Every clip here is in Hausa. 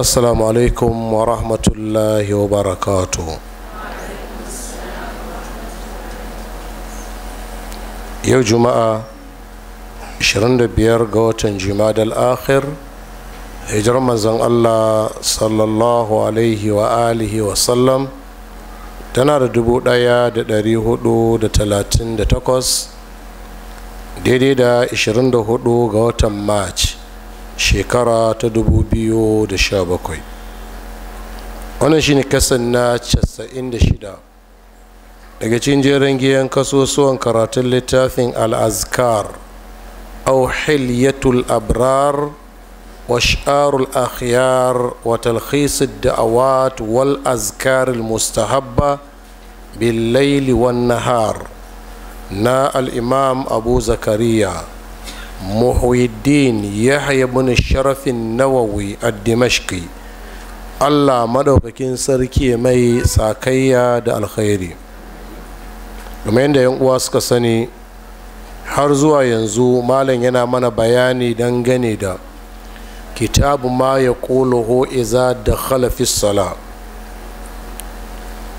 assalamu alaikum wa rahmatullahi wa barakatu yau juma'a 25 ga watan jimadal akhir hijar manzon allah sallallahu alaihi wa alihi wa sallam tana da da takwas daidai da 24 ga watan march shekara ta bakwai wannan shine kasan na shida daga cikin jerin giyan kasosuwan karatun littafin al-azkar aw hilyatul abrar wa sha'arul akhyar wa talkhis ad-da'awat wal azkar mustahabba bil-layli wan-nahar na al-imam abu zakariya muhuddin yahya bin sharafin nawawi a dimashki allah maɗaukakin sarki mai sakayya da alkhairi kamar da uwa suka sani har zuwa yanzu malam yana mana bayani dangane da kitabu ma ya ƙoloho iza da khalafis sala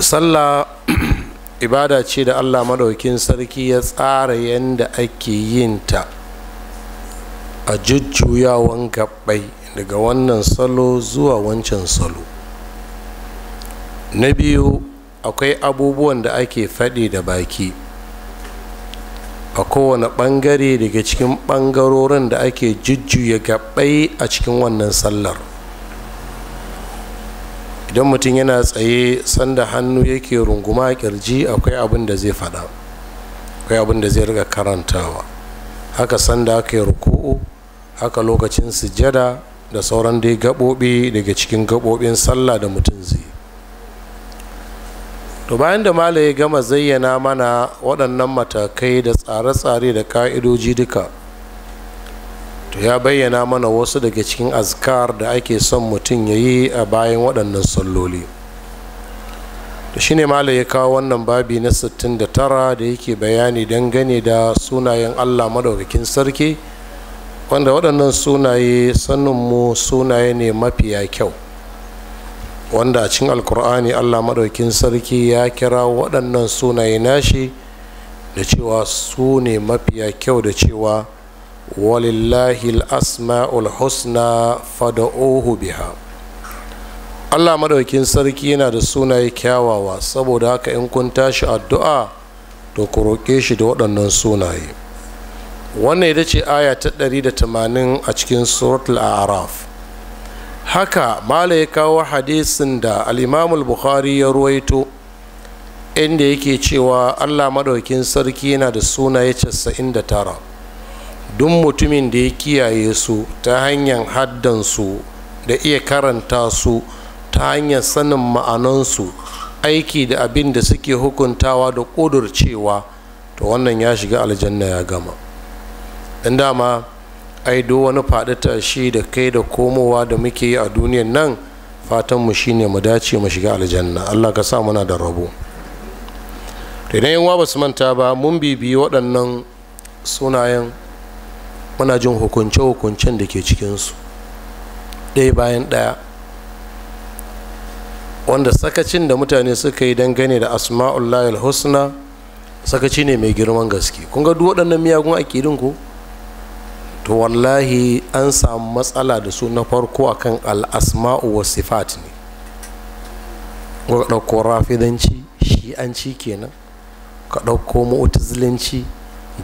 sallah ibada ce da allah maɗaukin sarki ya tsara yadda ake yin ta a jujjuyawan gabbai daga wannan salo zuwa wancan salo na biyu akwai abubuwan da ake faɗi da baki a kowane ɓangare daga cikin ɓangarorin da ake jujjuya gabbai a cikin wannan sallar idan mutum yana tsaye sanda hannu yake runguma kirji akwai abin da zai faɗa akwai abin da zai riga karantawa haka sanda aka yi ruku'u haka lokacin sujjada da sauran dai gaɓoɓi daga cikin gaɓoɓin sallah da mutum zai to bayan da mala ya gama zayyana mana waɗannan matakai da tsare-tsare da ƙa'idoji duka to ya bayyana mana wasu daga cikin azkar da ake son mutum ya yi a bayan waɗannan salloli da shi ne ya kawo wannan babi na 69 da yake bayani dangane da sunayen allah madaukakin sarki wanda waɗannan sunaye saninmu sunaye ne mafiya kyau wanda a cikin alkur'ani allah maɗaukin sarki ya kira waɗannan sunaye nashi da cewa su ne mafiya kyau da cewa walillahi asma'ul husna fada'uhu biha allah maɗaukin sarki yana da sunaye kyawawa saboda haka in kun tashi addu'a to ku roƙe shi da waɗannan sunaye wannan ita ce aya ta ɗari da 180 a cikin suratul araf haka mala ya kawo hadisin da al'imamul buhari ya ruwaito inda yake cewa allah maɗaukin sarki yana da sunaye tara duk mutumin da ya kiyaye su ta hanyar haddansu da iya karanta su ta hanyar sanin ma'anansu aiki da abin da suke hukuntawa da ƙudurcewa to wannan ya shiga aljanna ya gama dan dama ai do wani faɗi shi da kai da komowa da muke yi a duniyan nan fatan mu shine mu dace mu shiga aljanna Allah ka sa muna da rabo to idan yan ba su manta ba mun bibiyi waɗannan sunayen muna jin hukunce hukuncen da ke cikinsu ɗaya bayan ɗaya wanda sakacin da mutane suka yi dangane da asma'ullahi husna sakaci ne mai girman gaske kun ga duk waɗannan miyagun akidin ko to wallahi an samu matsala da su na farko akan al'asma'u wa sifat ne ka ɗauko rafidanci shi'anci kenan ka ɗauko mu'tazilanci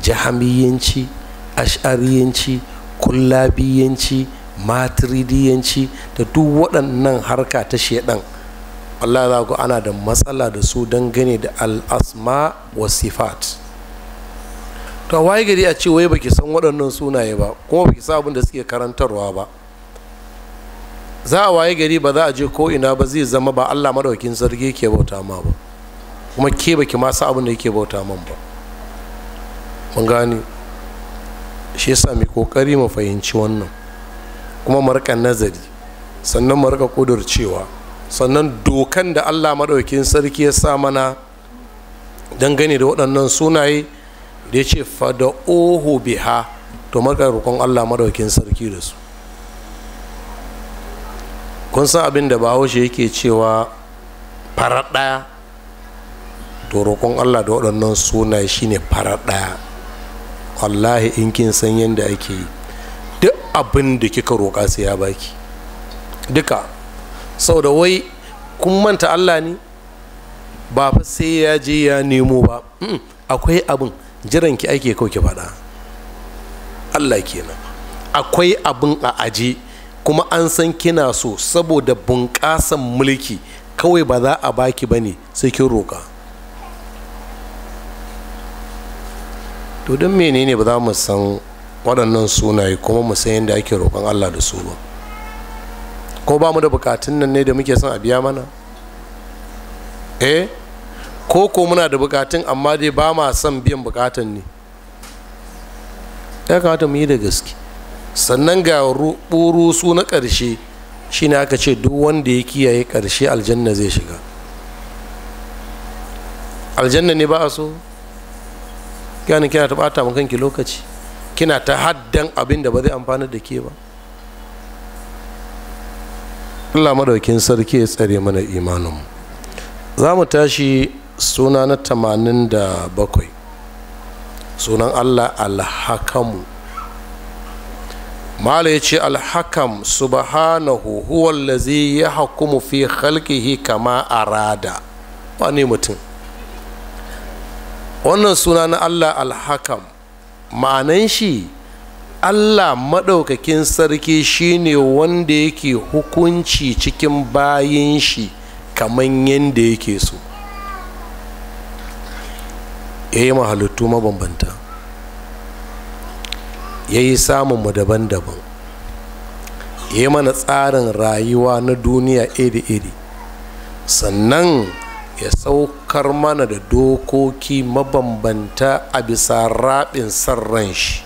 jahamiyanci ash'ariyanci kullabiyanci matridiyanci da duk waɗannan harka ta shaidan Allah za ku ana da matsala da su dangane da al'asma wa sifat to a waye gari a ce wai baki san waɗannan sunaye ba kuma baki san abin da suke karantarwa ba za a waye gari ba za a je ko ina ba zai zama ba Allah madaukin sarki ke bauta ma ba kuma ke baki ma san abin da yake bauta man ba mun gane shi yasa mai kokari mu fahimci wannan kuma mu rika nazari sannan mu rika kudurcewa sannan dokan da Allah madaukin sarki ya sa mana dangane da waɗannan sunaye da ya ce oho biha to maka roƙon allah madaukin sarki da su kun san abin da bahaushe yake cewa farar ɗaya to roƙon allah da waɗannan suna shine farar ɗaya wallahi in kin san yadda ake yi duk abin da kika roƙa sai ya baki duka sau da wai kun manta allah ne ba fa sai ya je ya nemo ba mm, akwai abin jiran ki ake ko ki faɗa allah kenan akwai abun a aji kuma an san kina so saboda bunƙasan mulki kawai ba za a baki ba ne sai kin roƙa to don menene ba za mu san waɗannan sunaye kuma mu san yadda ake roƙon allah da su ba ko ba mu da bukatun nan ne da muke son a biya mana eh ko ko muna da bukatun amma dai ba ma son biyan bukatan ne ya kamata mu yi da gaske sannan ga burusu na ƙarshe shine aka ce duk wanda ya kiyaye ƙarshe aljanna zai shiga aljanna ne ba a so gani kina ta bata mun kanki lokaci kina ta haddan abin da ba zai amfana da ke ba Allah madaukin sarki ya tsare mana imaninmu za mu tashi suna na tamanin da bakwai sunan allah alhakamu mala ya ce alhakam subhanahu huwallazi ya hakumu fi khalqihi kama arada wani mutum wannan suna na allah alhakam ma'anan shi allah maɗaukakin sarki shine wanda yake hukunci cikin bayan shi kamar yadda yake so ya yi mahalittu mabambanta ya yi mu daban-daban ya yi mana tsarin rayuwa na duniya iri-iri sannan ya saukar mana da dokoki mabambanta a bisa raɓin san shi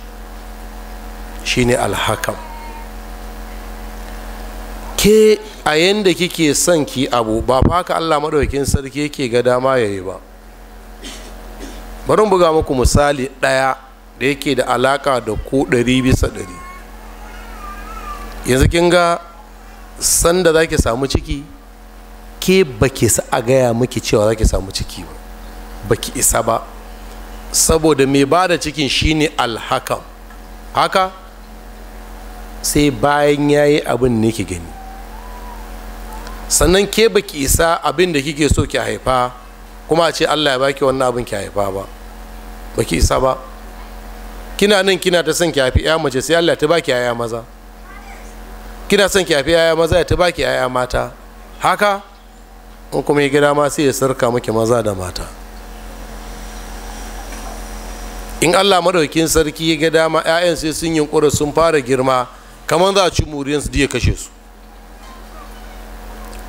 shi ne alhakam ke a yanda kike son ki abu ba fa ka allah maɗaukin sarki yake ga dama ya yi ba bari buga muku misali ɗaya da yake da alaƙa da ku ɗari bisa ɗari yanzu kin ga sanda za ki samu ciki ke ba ki sa a gaya miki cewa zaki samu ciki ba baki isa ba saboda mai ba da cikin shine alhakam haka sai bayan ya yi abin ne ki gani sannan ke baki isa abin da kike so ki haifa kuma a ce allah ya baki wannan abin ki haifa ba ba ki isa ba kina nan kina ta son ki haifi ya mace sai allah ta baki yaya maza kina son ki haifi yaya maza ya ta baki yaya mata haka in kuma ya gida ma sai ya sarka miki maza da mata in allah madaukin sarki ya gida ma 'ya'yan sai sun yunkura sun fara girma kamar za a ci muriyansu da ya kashe su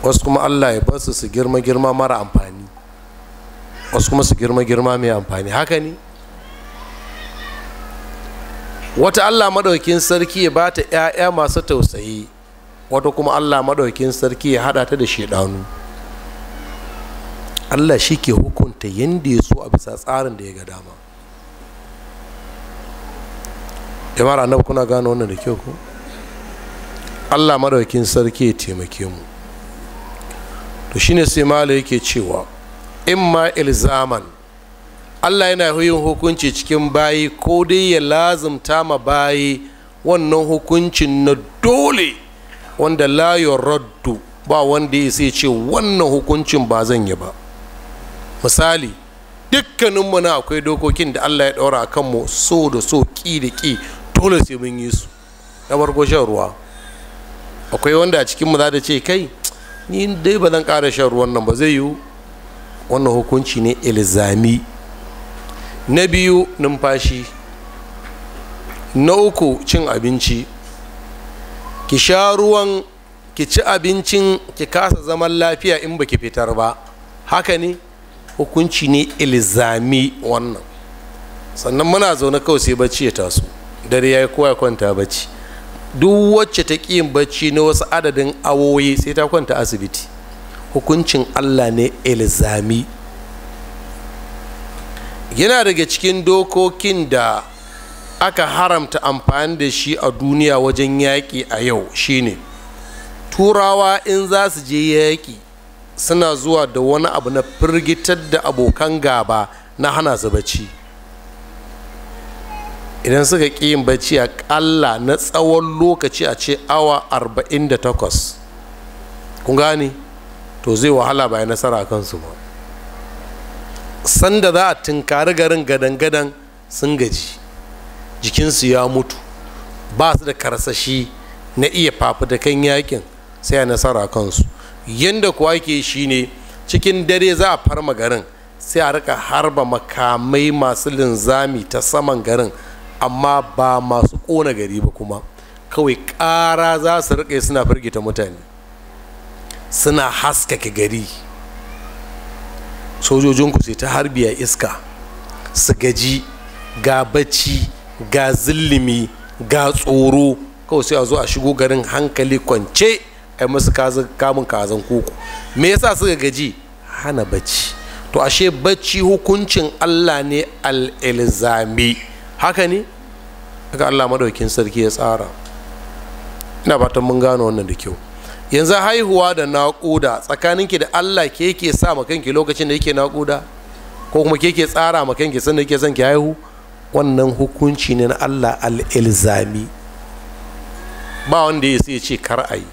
wasu kuma allah ya basu su girma girma mara amfani wasu kuma su girma girma mai amfani haka ne wata allah maɗaukin sarki ya ba ta 'ya'ya masu tausayi wata kuma allah maɗaukin sarki ya haɗa ta da shaidanu allah shi ke hukunta yadda ya so a bisa tsarin da ya ga dama jama'ar annabi kuna gano wannan da kyau ko allah maɗaukin sarki ya taimake mu to shine sai mala yake cewa imma ilzaman allah yana yin hukunci cikin bayi ko dai ya lazumta ma bayi wannan hukuncin na dole wanda layon raddu ba wanda ya sai ce wannan hukuncin ba zan yi ba misali dukkaninmu na akwai dokokin da allah ya ɗaura a kanmu so da so ƙi da ƙi dole sai mun yi su na farko shan ruwa akwai wanda a cikinmu za ta ce kai ni dai ba zan ƙara shan ruwan nan ba zai yiwu wannan hukunci ne ilzami na biyu numfashi na uku cin abinci ki sha ruwan ki ci abincin ki kasa zaman lafiya in baki fitar ba haka ne hukunci ne ilzami wannan sannan muna zaune kawai sai bacci ya taso dare ya yi kowa ya kwanta bacci duk wacce ta ƙi yin bacci na wasu adadin awoyi sai ta kwanta asibiti hukuncin allah ne ilzami yana daga cikin dokokin da aka haramta amfani da shi a duniya wajen yaƙi a yau shine turawa in za su je yaƙi suna zuwa da wani abu na firgitar da abokan gaba na hana su bacci idan suka ƙi yin bacci a ƙalla na tsawon lokaci a ce awa 48 kun gane to zai wahala bai nasara nasara kansu ba sanda za a tunkari garin gadan-gadan sun gaji jikinsu ya mutu ba su da karsashi na iya fafutakan yakin sai a nasara kansu yadda kuwa ke shi ne cikin dare za a farma garin sai a rika harba makamai masu linzami ta saman garin amma ba masu kona gari ba kuma kawai ƙara za su rika suna firgita mutane suna haskake gari sojojinku sai ta harbiya iska su gaji ga bacci ga zillimi ga tsoro kawai sai a zo a shigo garin hankali kwance a yi masu kamun kazan koko me yasa suka gaji hana bacci to ashe bacci hukuncin allah ne al'ilzami haka ne haka allah madaukin sarki ya tsara ina fatan mun gano wannan da kyau yanzu haihuwa da naƙuda tsakaninki da allah ke yake sa makanki lokacin da yake naƙuda ko kuma ke yake tsara makanki sanda yake son ki haihu wannan hukunci ne na allah al'ilzami ba wanda ya sai ce kar a yi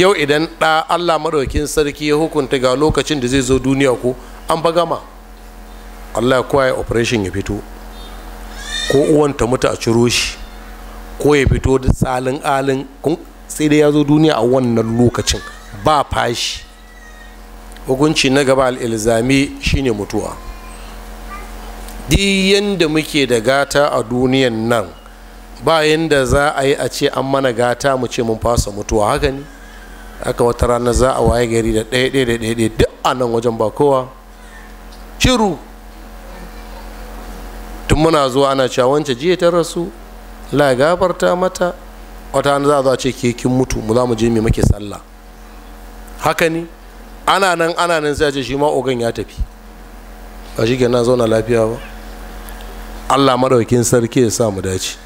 yau idan ɗa allah maɗaukin sarki ya hukunta ga lokacin da zai zo duniya ko an ba gama allah kowa ya operation ya fito ko uwanta mutu a ciro shi ko ya fito da tsalin alin sai dai ya zo duniya a wannan lokacin ba fashi hukunci na gaba al'ilzami shine mutuwa duk yadda muke da gata a duniyan nan ba yadda za a yi a ce an mana gata mu ce mun fasa mutuwa haka ne aka wata rana za a waye gari da ɗaya ɗaya da ɗaya ɗaya duk a nan wajen ba kowa shiru tun muna zuwa ana cewa wance jiya ta rasu la gafarta mata wata za a ce ke kin mutu mu za mu je mai make sallah haka ne ana nan ana nan sai a ce shi ma ogan ya tafi ba shi kenan zauna lafiya ba allah maɗaukin sarki ya sa mu dace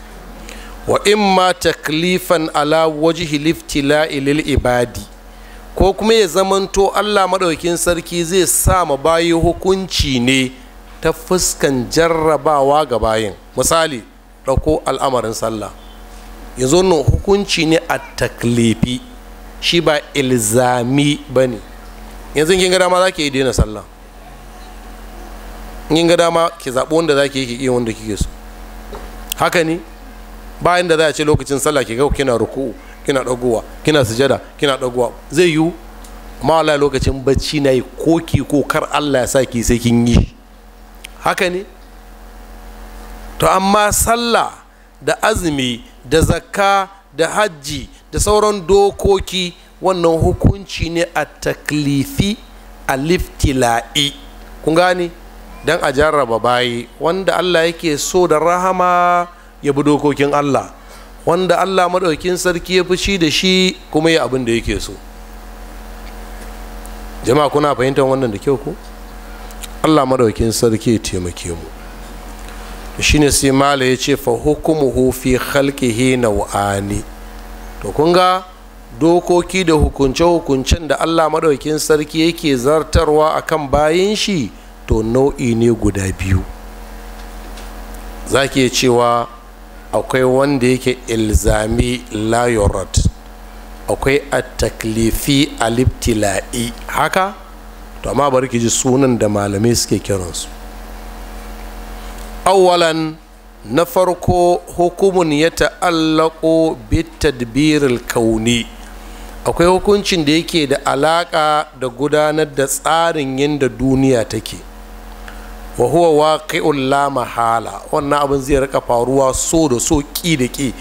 wa in imma taklifan ala wajihi hilifti la'ilil ibadi ko kuma ya zamanto allah maɗaukin sarki zai sa ma bayi hukunci ne ta fuskan jarrabawa ga bayin misali ɗauko al'amarin sallah yanzu nan hukunci ne a taklifi shi ba ilzami ba ne yanzu kin gada dama za ki yi daina sallah kin gada dama ki zaɓi wanda za ki yi ki iya wanda kike so haka ne bayan da za a ce lokacin sallah ki ga kina ruku'u kina ɗagowa kina sujada kina ɗagowa zai yiwu amma lokacin bacci na yi ko ko kar Allah ya sa ki sai kin yi haka ne to amma sallah da azumi da zakka da hajji da sauran dokoki wannan hukunci ne a taklifi a liftila'i kun gane don a jarraba bayi wanda allah yake so da rahama ya bi dokokin allah wanda allah maɗaukin sarki ya fushi da shi kuma ya abin da yake so jama'a kuna fahimtar wannan da kyau ko allah maɗaukin sarki ya taimake mu shine sai mala ya ce fa hukumuhu fi khalqihi nau'ani to kun ga dokoki da hukunce-hukuncen da Allah maɗaukin sarki yake zartarwa akan bayan shi to nau'i ne guda biyu za ke cewa akwai wanda yake ilzami layorat akwai attaklifi aliptila'i haka to amma bari ki ji sunan da malamai suke kiransu awalan na farko hukumun ya bitta bitadbiril kauni akwai hukuncin da yake da alaƙa da gudanar da tsarin yadda duniya take wa huwa waqi'un la mahala wannan abin zai rika faruwa so da so ƙi da ƙi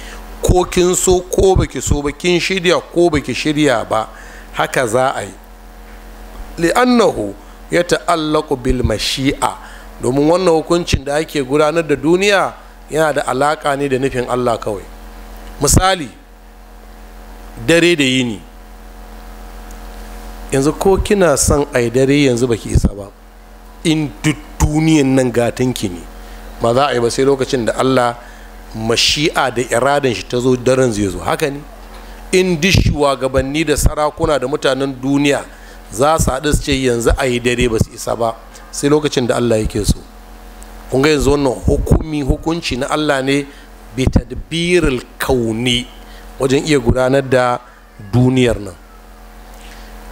ko kin so ko baki so ba kin shirya ko baki shirya ba haka za a yi li'annahu ya ta'allaku bil mashi'a domin wannan hukuncin da ake gudanar da duniya yana da alaƙa ne da nufin allah kawai misali dare da yini yanzu ko kina son ai dare yanzu baki isa ba in duniyan nan gatanki ne ba za a yi ba sai lokacin da allah mashi'a da iradan shi ta zo daren zai zo haka ne in duk gabanni da sarakuna da mutanen duniya za su haɗu su ce yanzu a yi dare ba su isa ba sai lokacin da Allah yake so kun ga yanzu wannan hukumi hukunci na Allah ne bi tadbiril kauni wajen iya gudanar da duniyar nan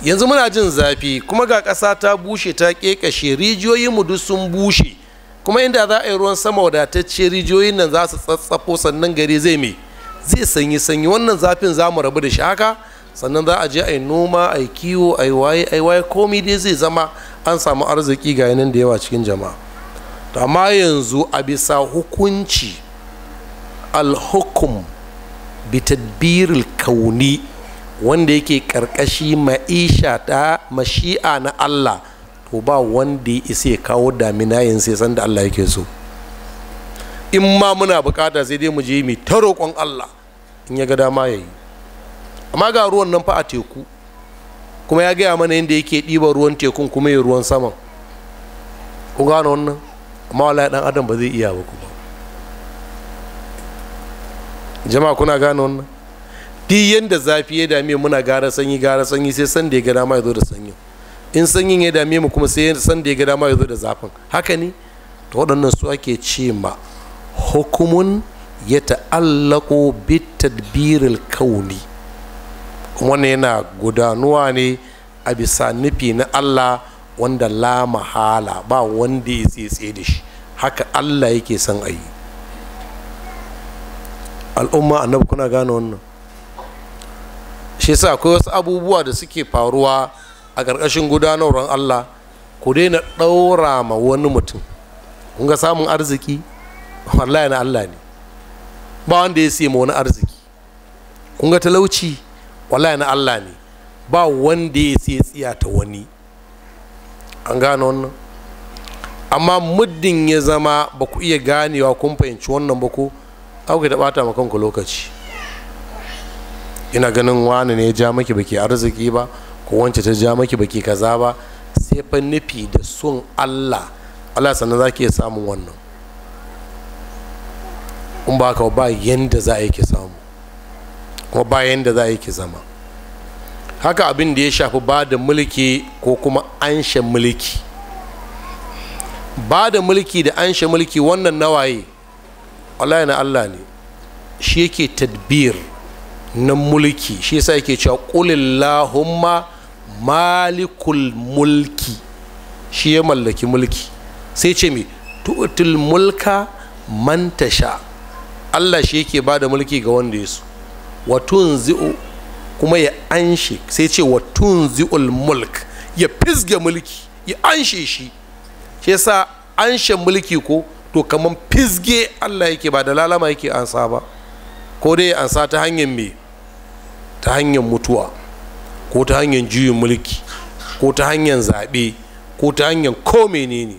yanzu muna jin zafi kuma ga ƙasa ta bushe ta ƙeƙashe rijiyoyinmu mu duk sun bushe kuma inda za a yi ruwan sama wadatacce rijiyoyin nan za su tsatsafo sannan gari zai me zai sanyi sanyi wannan zafin za mu rabu da shi haka sannan za a je a yi noma a yi kiwo a yi waye a yi waye komi dai zai zama an samu arziki ga yanan da yawa cikin jama'a to amma yanzu a bisa hukunci alhukum bitadbiril kauni wanda yake karkashi ma'isha ta mashi'a na allah to ba wanda ya isa ya kawo damina yanzu sai san da allah yake so in ma muna bukata sai dai mu je mu ta roƙon allah in ya ga dama ya yi amma ga ruwan nan fa a teku kuma ya gaya mana yadda yake ɗiban ruwan tekun kuma ya ruwan saman Ku gano wannan amma wala ɗan adam ba zai iya ba kuma jama'a kuna gano wannan duk yadda zafi ya dame muna gara sanyi gara sanyi sai san da ya gada dama ya zo da sanyin in sanyin ya dame mu kuma sai san da ya gada dama ya zo da zafin haka ne to waɗannan su ake ce ma hukumun ya ta'allaƙo bitadbiril kauni kuma wannan yana gudanuwa ne a bisa nufi na allah wanda la mahala ba wanda ya tsetse da shi haka allah yake son ayi yi al'umma annabi kuna gane wannan shi sa akwai wasu abubuwa da suke faruwa a ƙarƙashin gudanarwar allah ku daina ɗaura ma wani mutum kun ga samun arziki wallahi na allah ne ba wanda ya sayi ma wani arziki kun ga talauci wallahi na allah ne ba wanda ya sai tsiya ta wani an gane wannan amma muddin ya zama ba ku iya ganewa kun fahimci wannan ba ku auki da bata ma kanku lokaci ina ganin wani ne ya ja maki baki arziki ba ko wance ta ja maki baki kaza ba sai fa nufi da sun Allah Allah sannan za ki iya samun wannan in ba ka ba yanda za a yi ki samu ko bayan da za a yi ki zama haka abin da ya shafi ba da mulki ko kuma anshe mulki ba da mulki da anshe mulki wannan nawaye Allah na Allah ne shi yake tadbir na mulki shi yasa yake cewa kulillahumma malikul mulki shi ya mallaki mulki sai ce me tutul mulka mantasha Allah shi yake ba da mulki ga wanda ya so wa tunzi'u kuma ya anshe sai ce wa mulk ya fisge mulki ya anshe shi shi yasa anshe mulki ko to kamar fisge Allah yake ba da lalama yake ansa ba ko dai ansa ta hanyar me ta hanyar mutuwa ko ta hanyar juyin mulki ko ta hanyar zaɓe ko ta hanyar ko menene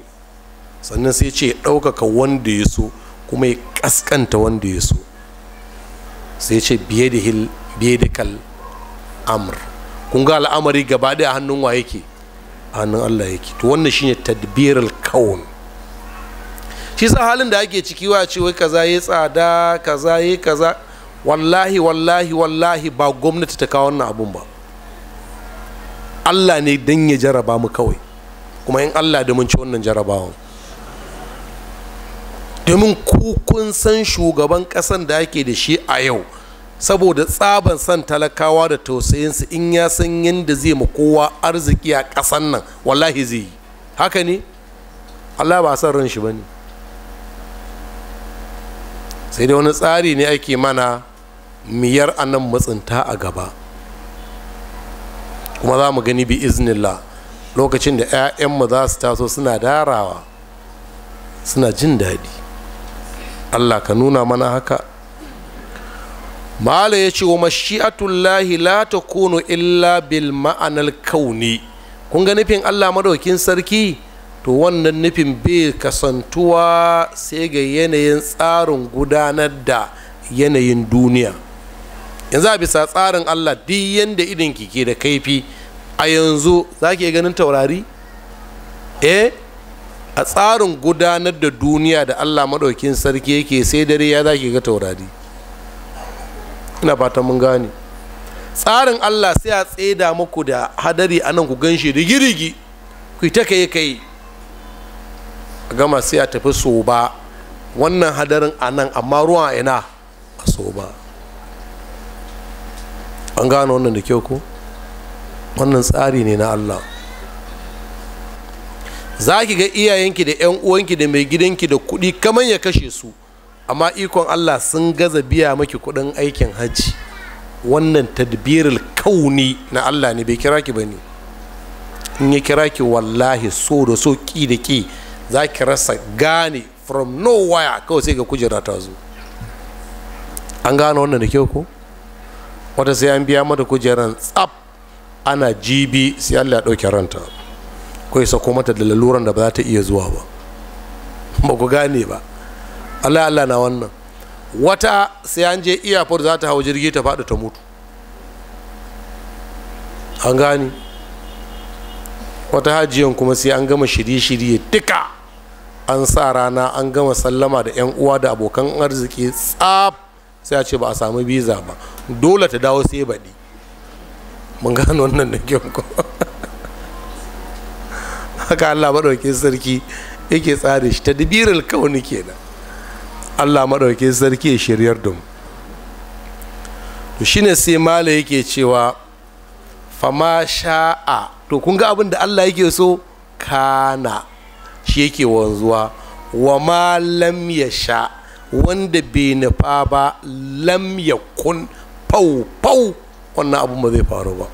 sannan sai ce ɗaukaka wanda ya so kuma ya ƙasƙanta wanda ya so sai ce biye da hil biye da kal amr kun ga al'amari gaba ɗaya hannun wa yake a hannun Allah yake to wannan shine tadbirul kaun shi sa halin da ake ciki wa ce wai kaza yi tsada kaza yi kaza wallahi wallahi wallahi ba gwamnati ta kawo wannan abun ba Allah ne dan ya jaraba mu kawai kuma in Allah da mun ci wannan jarabawan domin ku kun san shugaban ƙasan da ake da shi a yau saboda tsaban san talakawa da tausayinsu in ya san yadda zai ma kowa arziki a ƙasan nan wallahi zai yi haka ne allah ba san ran shi ba ne sai dai wani tsari ne ake mana miyar anan matsinta a gaba kuma za mu gani bi iznillah lokacin da 'ya'yanmu za su taso suna darawa suna jin daɗi allah ka nuna mana haka mala ya ce wa mashi'atullahi la ta kono illa bil ma'anar kauni kun ga nufin allah madaukin sarki to wannan nufin bai kasantuwa sai ga yanayin tsarin gudanar da yanayin duniya yanzu a bisa tsarin allah duk yanda idinki ke da kaifi a yanzu za ki ganin taurari eh a tsarin gudanar da duniya da allah maɗaukin sarki yake sai dare ya za ki ga taurari ina fatan mun gane tsarin allah sai a tseda muku da hadari a nan ku gan shi rigirigi ku ta kai kai a gama sai a tafi so ba wannan hadarin a nan amma ruwan ina a so ba an gane wannan da kyau ko wannan tsari ne na allah za ki ga iyayenki da 'yan uwanki da mai gidanki da kuɗi kamar ya kashe su amma ikon allah sun gaza biya maki kuɗin aikin hajji wannan tadbiril kauni na allah ne bai kira ki ba ne in ya kira ki wallahi so da so ki da ki za ki rasa gane from nowhere kawai sai ga kujera ta zo an gane wannan da kyau ko wata sai an biya mata kujeran tsaf ana jibi sai allah ya ɗauke ranta ko ya sako mata da laluran da ba za ta iya zuwa ba ba ku gane ba allah allah na wannan wata sai an je iyafar za ta hau jirgi ta faɗi ta mutu an gani wata hajiyan kuma sai an gama shirye-shirye duka an sa rana an gama sallama da 'yan uwa da abokan arziki tsaf sai a ce ba a samu biza ba dole ta dawo sai baɗi mun gano wannan da kyau haka Allah maɗauki sarki yake tsare shi ta tadbirul kauni kenan Allah maɗauki sarki ya shiryar da to shine sai mala yake cewa fama sha'a to kun ga abin da Allah yake so kana shi yake wanzuwa wa ma lam ya sha wanda bai nufa ba lam ya kun fau fau wannan abu ba zai faru ba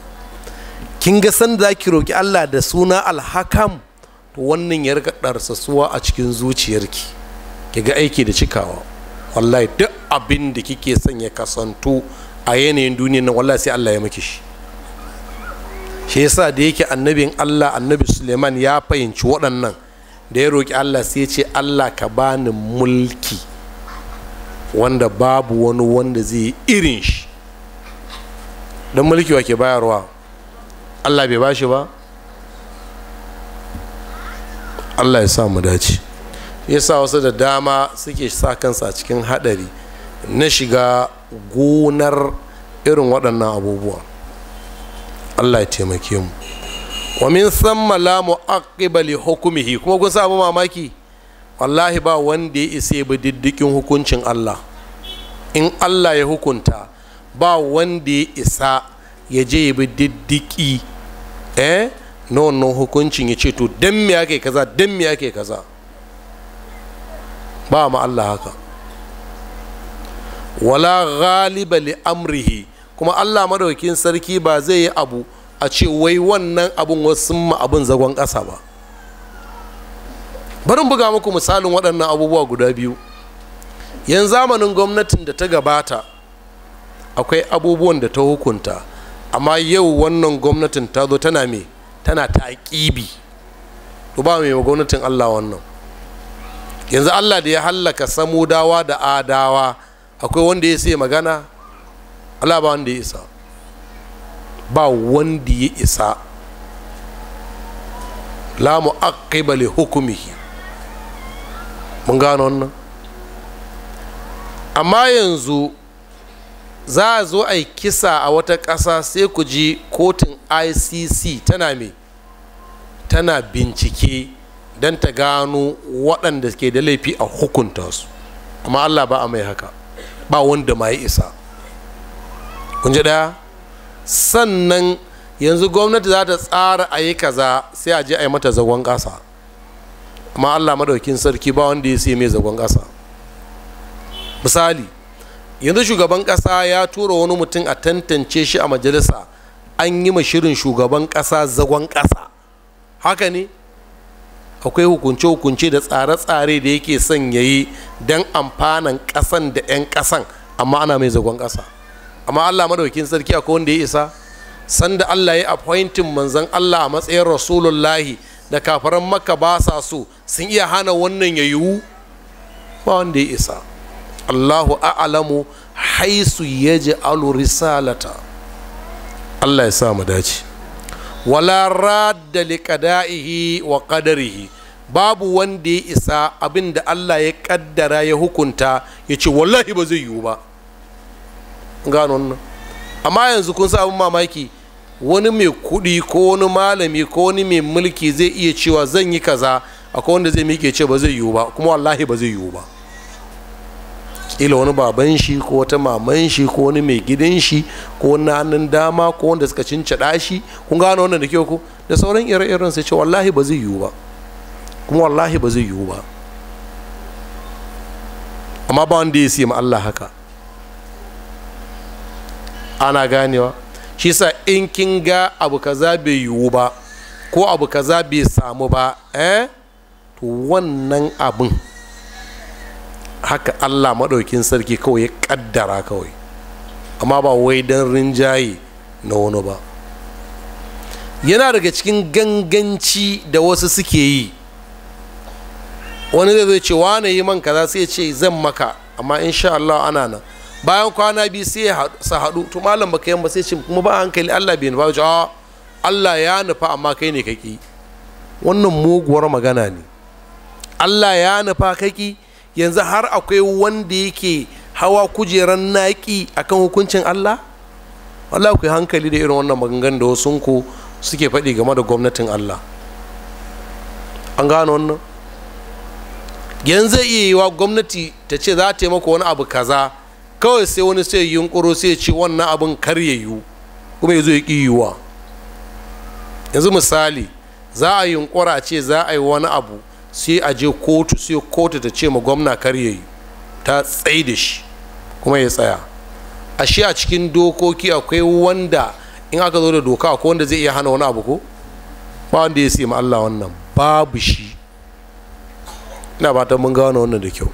kin ga san za ki roki Allah da suna alhakam wannan ya rika ɗarsasuwa a cikin zuciyarki ki ga aiki da cikawa wallahi duk abin da kike son ya kasantu a yanayin duniya na wallahi sai Allah ya maki shi shi yasa da yake annabin Allah annabi Suleiman ya fahimci waɗannan da ya roki Allah sai ya ce Allah ka bani mulki wanda babu wani wanda zai yi irin shi don mulki wa ke bayarwa Allah bai bashi ba allah ya sa mu dace yasa wasu da dama suke sa kansa cikin haɗari na shiga gonar irin waɗannan abubuwa allah ya taimake mu wa min samma la akibali hukumihi kuma kun samu mamaki wallahi ba wanda ya isa bi diddikin hukuncin Allah in Allah ya hukunta ba wanda ya isa ya je ya bi diddiki eh na wannan hukuncin ya ce to don me ake kaza don me ake kaza ba ma Allah haka wala ghaliba li amrihi kuma Allah madaukakin sarki ba zai yi abu a ce wai wannan abun wasu ma abun zagon ƙasa ba barin buga muku misalin waɗannan abubuwa guda biyu yan zamanin gwamnatin da ta gabata akwai abubuwan da ta hukunta amma yau wannan gwamnatin ta zo tana mai. tana taƙibi to ba mai gwamnatin allah wannan yanzu allah da ya hallaka samudawa da adawa akwai wanda ya sai magana allah ba wanda ya isa ba wanda ya isa la mu'aqqiba hukumihi mun gano wannan amma yanzu za a zo a yi kisa a wata ƙasa sai ku ji kotun icc tana me tana bincike don ta gano waɗanda ke da laifi a hukunta su amma allah ba a mai haka ba wanda ma ya isa kun ji ɗaya sannan yanzu gwamnati za ta tsara a yi kaza sai a je a yi mata zagon ƙasa amma allah maɗaukin sarki ba wanda ya sai mai zagon ƙasa misali yanzu shugaban kasa ya tura wani mutum a tantance shi a majalisa an yi shirin shugaban kasa zagon kasa haka ne akwai hukunce-hukunce da tsare-tsare da yake son ya yi don amfanan kasan da 'yan kasan amma ana mai zagon kasa amma allah madaukin sarki akwai wanda ya isa sanda allah ya appointing manzan allah a matsayin rasulullahi da kafaran maka ba sa so sun iya hana wannan ya yiwu ba wanda ya isa allahu a'lamu haisu yaji alu risalata allah ya sa mu dace wala radda li qada'ihi wa qadarihi babu wanda ya isa abinda allah ya kaddara ya hukunta ya ce wallahi ba zai yiwu ba gano nan amma yanzu kun sa abin mamaki wani mai kuɗi ko wani malami ko wani mai mulki zai iya cewa zan yi kaza akwai wanda zai miƙe ce ba zai yiwu ba kuma wallahi ba zai yiwu ba ila wani baban shi ko wata maman shi ko wani mai gidan shi ko wani hannun dama ko wanda suka cincida shi kun gano wannan da kyau ko da sauran ire-iren sai ce wallahi ba zai yiwu ba kuma wallahi ba zai yiwu ba amma ba wanda ya siya ma Allah haka ana ganewa shi sa in kin ga abu kaza bai yiwu ba ko abu kaza bai samu ba eh to wannan abin haka allah maɗaukin sarki kawai ya ƙaddara kawai amma ba wai don rinjaye na wani ba yana daga cikin ganganci da wasu suke yi wani zai zai ce wane yi man kaza sai ce zan maka amma insha Allah ana nan bayan kwana biyu sai su haɗu to malam baka yamma sai ce kuma ba hankali Allah bai nufa a Allah ya nufa amma kai ne kaki wannan muguwar magana ne Allah ya nufa kaki yanzu har akwai wanda yake hawa kujeran naƙi akan hukuncin allah Allah ku hankali da irin wannan magangan da wasu ku suke faɗi game da gwamnatin Allah an gano wannan yanzu zai iya yiwa gwamnati ta ce za ta maka wani abu kaza kawai sai wani sai yunkuro sai ce wannan abin kar ya yiwu kuma ya zo ya yanzu misali za a yunkura ce za a yi wani abu sai a je kotu sai kotu ta ce ma gwamna kar yayi ta tsaye da shi kuma ya tsaya ashe a cikin dokoki akwai wanda in aka zo da doka akwai wanda zai iya hana wani abu ko ba wanda ya sai ma Allah wannan babu shi ina ta mun ga wannan da kyau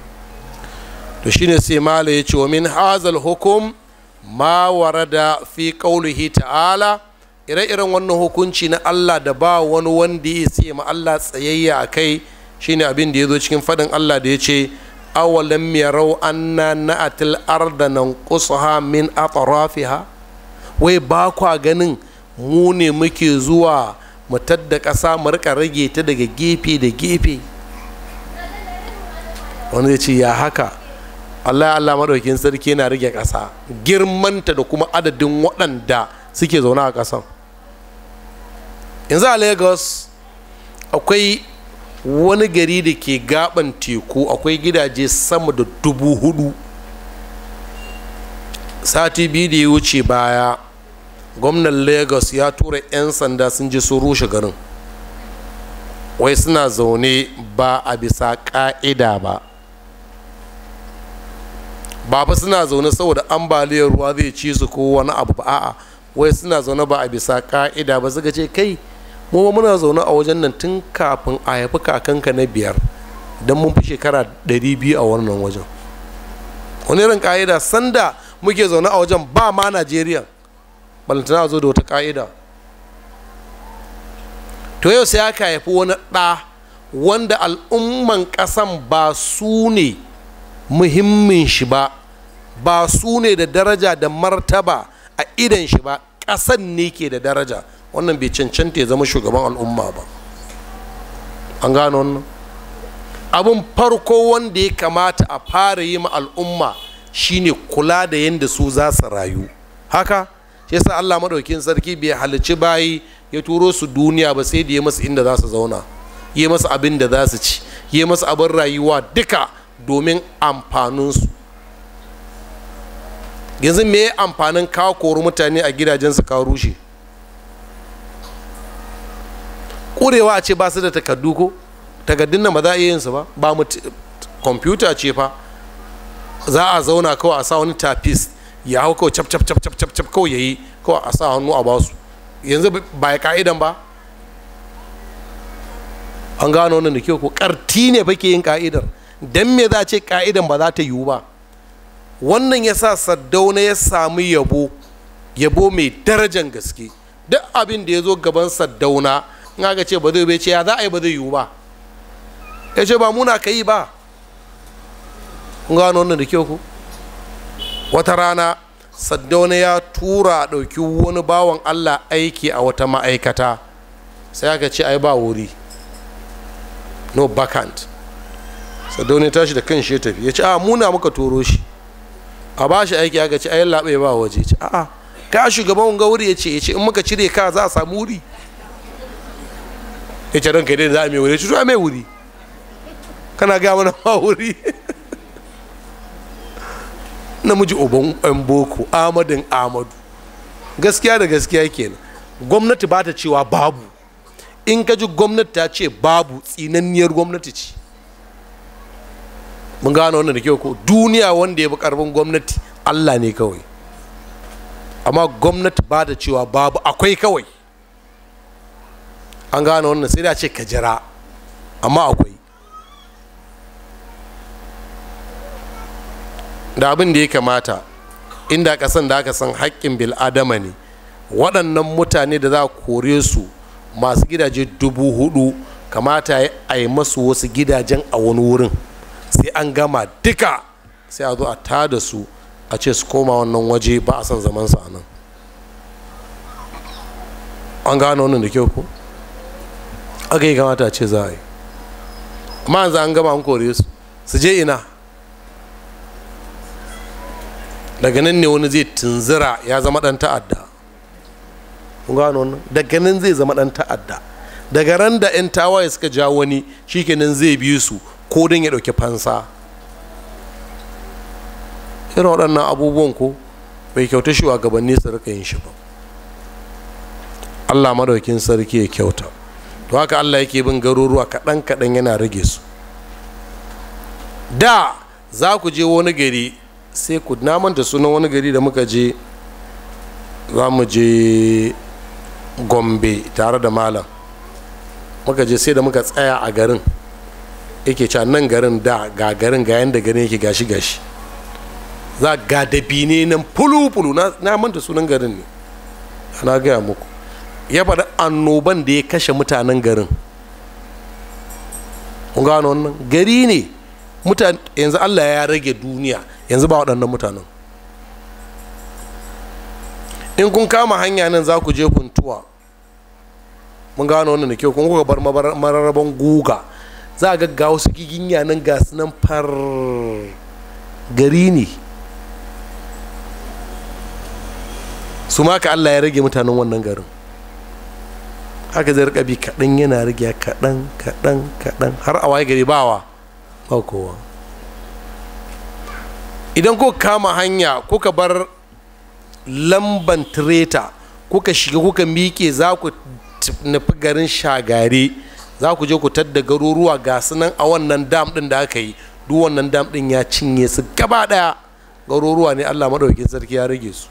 to shine sai mala ya ce wa min hazal hukum ma warada fi qaulihi ta'ala ire-iren wannan hukunci na Allah da ba wani wanda ya sai ma Allah tsayayya a kai shine abin da ya zo cikin faɗin Allah da ya ce awalam yarau anna na'atil arda ha min atrafiha wai ba kwa ganin mu ne muke zuwa mu tadda ƙasa mu rika rage ta daga gefe da gefe wani zai ce ya haka Allah ya Allah madaukin sarki yana rage ƙasa girmanta da kuma adadin waɗanda suke zaune a ƙasan yanzu a lagos akwai wani gari da ke gaban teku akwai gidaje sama da dubu hudu sati biyu da ya wuce baya gwamnan lagos ya tura 'yan sanda sun je sun rushe garin wai suna zaune ba a bisa ka'ida ba ba suna zaune saboda ambaliyar ruwa zai ci su ko wani abu ba a'a wai suna zaune ba a bisa ka'ida ba suka ce kai mu muna zaune a wajen nan tun kafin a haifi kakanka na biyar don mun fi shekara biyu a wannan wajen wani irin ka'ida sanda muke zaune a wajen ba ma najeriya balantana zo da wata ka'ida to yau sai aka haifi wani ɗa wanda al'umman ƙasan ba su ne muhimmin shi ba ba su ne da daraja da martaba a idan shi ba ƙasan ne ke da daraja wannan bai cancanta ya zama shugaban al'umma ba an gano wannan abin farko wanda ya kamata a fara yi ma al'umma shine kula da yadda su za su rayu haka shi yasa Allah madaukin sarki bai halici bayi ya turo su duniya ba sai da ya masu inda za su zauna ya masu abin da za su ci ya masu abin rayuwa duka domin amfaninsu yanzu me amfanin kawo kori mutane a gidajensu kawo rushe ƙurewa a ce ba su da takardu ko takardun nan ba za a iya yin su ba ba mu kwamfuta ce fa za a zauna kawai a sa wani tapis ya hau kawai cap cap cap cap cap cap kawai yayi kawai a sa hannu a basu yanzu ba ya ka'idan ba an gano wannan da kyau ko karti ne ke yin ka'idar dan me za a ce ka'idan ba za ta yiwu ba wannan ya sa saddauna ya samu yabo yabo mai darajan gaske duk abin da ya zo gaban saddauna in aka ce ba zai bai ce ya za a yi ba zai yiwu ba ya ce ba muna ka yi ba kun gano wannan da kyau ku wata rana saddauna ya tura a ɗauki wani bawan allah aiki a wata ma'aikata sai aka ce ai ba wuri no vacant saddauna ya tashi da kan shi ya tafi ya ce a ah, muna muka toro shi a ba shi aiki aka ce ai labe ba waje ce a'a ka shugaban wuri ya ce ya ce in muka cire ka za a samu wuri ya ce ranka idan za a mai wuri ci a mai wuri kana gaya mana ma wuri namiji Oban yan boko amadin amadu gaskiya da gaskiya kenan gwamnati ba ta cewa babu in ka ji gwamnati ta ce babu tsinanniyar gwamnati ce mun gano wannan da kyau ko duniya wanda ya fi karfin gwamnati allah ne kawai amma gwamnati ba ta cewa babu akwai kawai an gane wannan sai da ce ka jira amma akwai da abin da ya kamata inda kasan da aka san haƙƙin bil'adama ne waɗannan mutane da za a kore su masu gidaje dubu hudu kamata a yi masu wasu gidajen a wani wurin sai an gama duka sai a zo a tada su a ce su koma wannan waje ba a son zamansa a nan an gane wannan da kyau ko aka yi kamata ce za a yi amma yanzu an gama an kore su su je ina daga nan ne wani zai tunzira ya zama dan ta'adda gano wannan daga nan zai zama dan ta'adda daga ran da 'yan tawaye suka ja wani shikenan zai bi su ko don ya dauki fansa irin waɗannan abubuwan ko bai kyauta shi wa gabanni su rika yin shi ba allah madaukin sarki ya kyauta to haka allah yake bin garuruwa kaɗan kaɗan yana rage su da za ku je wani gari sai ku namanta sunan wani gari da muka je za mu je gombe tare da malam muka je sai da muka tsaya a garin yake can nan garin da ga garin ga yadda garin yake gashi gashi za ga dabi ne nan fulu-fulu na manta sunan garin ne ana gaya muku ya faɗi annoban da ya kashe mutanen garin kun gano wannan gari ne mutane yanzu allah ya rage duniya yanzu ba waɗannan mutanen in kun kama hanya nan za ku je kuntuwa mun gano wannan da kyau kun kuka bar mararraban guga za a gaggawa su giginya nan ga su nan far gari ne su ma ka allah ya rage mutanen wannan garin haka zai rika bi kaɗan yana rage kaɗan kaɗan kaɗan har a waye gari bawa ba kowa idan ko kama hanya kuka bar lamban tireta kuka shiga kuka miƙe za ku nufi garin shagari za ku je ku tadda garuruwa ga sunan a wannan dam ɗin da aka yi duk wannan dam ɗin ya cinye su gaba ɗaya garuruwa ne allah maɗaukin sarki ya rage su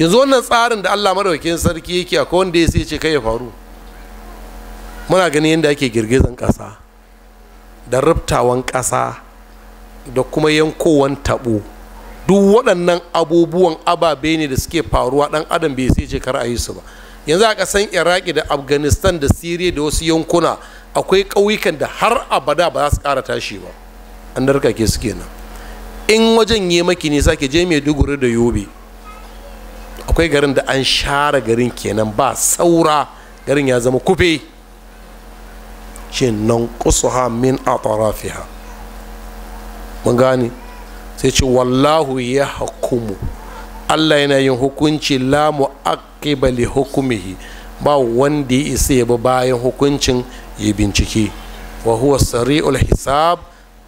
yanzu wannan tsarin da allah madaukakin sarki yake akwai wanda ya sai ce kai ya faru muna ganin yadda ake girgizan ƙasa da rubtawan ƙasa da kuma yankowan taɓo duk waɗannan abubuwan ababe ne da suke faruwa ɗan adam bai sai ce kar a yi su ba yanzu a ƙasan iraki da afghanistan da siriya da wasu yankuna akwai ƙauyukan da har abada ba za su ƙara tashi ba an darka ke suke nan in wajen yi maki ne sake je mai duguri da yobe akwai garin da an share garin kenan ba saura garin ya zama kufe shi nan kusuha min atarafiha mun gane sai ce wallahu ya hukumu allah yana yin hukunci la mu'aqqiba hukumihi ba wanda ya isa ya bi bayan hukuncin ya bincike wa huwa sari'ul hisab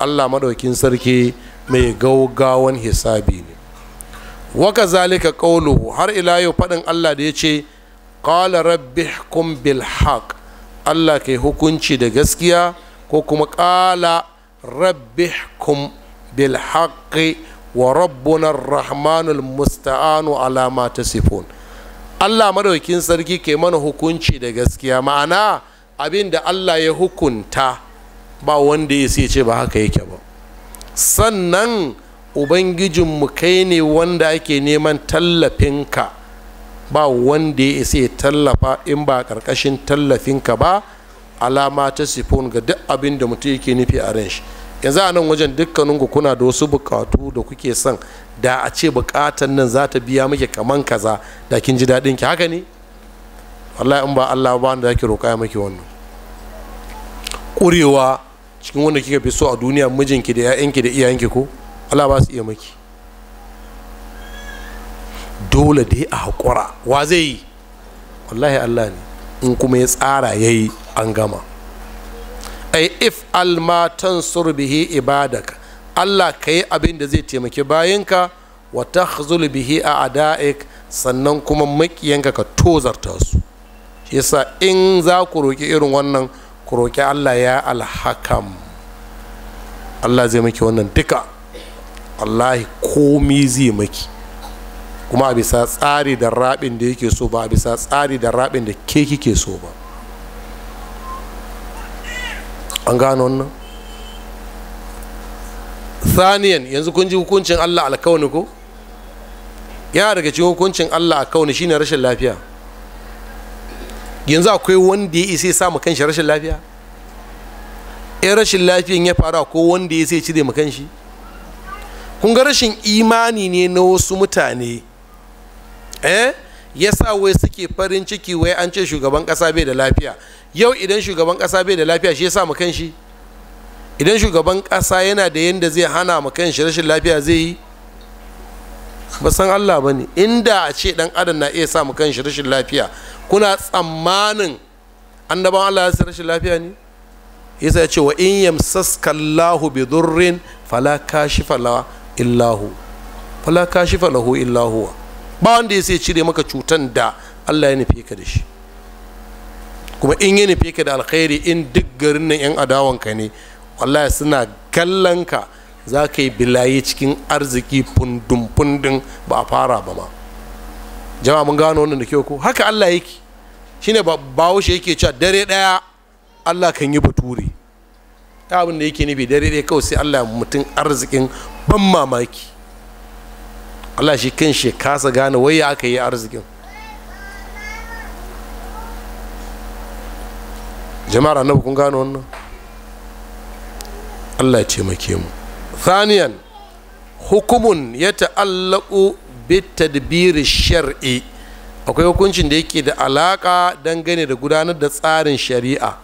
allah madaukin sarki mai gaugawan hisabi ne waka zalika qawluhu har ila yau faɗin Allah da ya ce ƙala rabbihkum bil haqq Allah kai hukunci da gaskiya ko kuma ƙala rabbihkum bil haqqi wa rabbuna rahmanul musta'anu ala ma tasifun Allah madaukin sarki ke mana hukunci da gaskiya ma'ana abin da Allah ya hukunta ba wanda ya ce ba haka yake ba sannan Ubangijin mu kai ne wanda ake neman tallafinka ba wanda ya isa tallafa in ba ƙarƙashin tallafinka ba alama ta sifon ga duk abin da mutum yake nufi a ran shi yanzu a nan wajen ku kuna da wasu bukatu da kuke son da a ce bukatan nan za ta biya miki kaman kaza da kin ji daɗin ki haka ne wallahi in ba Allah ba da yake roƙa miki wannan ƙurewa cikin wanda kika fi so a duniya mijinki da 'ya'yanki da iyayenki ko Allah ba su iya maki dole dai a haƙura wa zai yi wallahi allah ne in kuma ya tsara ya yi an gama ai if almatan surbihi ibadaka allah ka yi abin da zai taimaki bayanka wa ta bihi a ada'ik sannan kuma makiyanka ka tozarta su shi yasa in za ku roƙi irin wannan ku roƙi allah ya alhakam allah zai maki wannan duka wallahi komi zai maki kuma a bisa tsari da rabin da yake so ba a bisa tsari da rabin da ke kike so ba an gano wannan thaniyan yanzu kun ji hukuncin allah alkauni ko yana daga cikin hukuncin allah alkauni shine rashin lafiya yanzu akwai wanda ya isa samu kanshi rashin lafiya in rashin lafiyan ya faru ko wanda ya isa ya cire mu kanshi shi kun ga rashin imani ne na wasu mutane eh ya sa wai suke farin ciki wai an ce shugaban kasa bai da lafiya yau idan shugaban kasa bai da lafiya shi ya sa mu kanshi idan shugaban kasa yana da yadda zai hana mu kanshi rashin lafiya zai yi ba san allah ba ne inda a ce dan adam na iya sa mu kanshi rashin lafiya kuna tsammanin annaban allah ya sa rashin lafiya ne yasa ya ce wa in yamsaskallahu allahu bi durrin fala kashifa lahu illahu fala kashifa lahu illahu ba wanda ya sai cire maka cutan da Allah ya nufe ka da shi kuma in ya nufe ka da alkhairi in duk garin nan yan ka ne wallahi suna kallon ka za ka yi bilaye cikin arziki fundun-fundun ba a fara ba ma jama'a mun gano wannan da kyau ko haka allah yake shine ba bawo shi yake cewa dare daya allah kan yi bature abin da yake nufi dare dai kawai sai allah mutum arzikin ban mamaki allah shi kan shi kasa gane wai ya aka yi arzikin jama'ar annabi kun gano wannan allah ya taimake mu thaniyan hukumun ya ta'allaku tadbir shar'i akwai hukuncin da yake da alaka dangane da gudanar da tsarin shari'a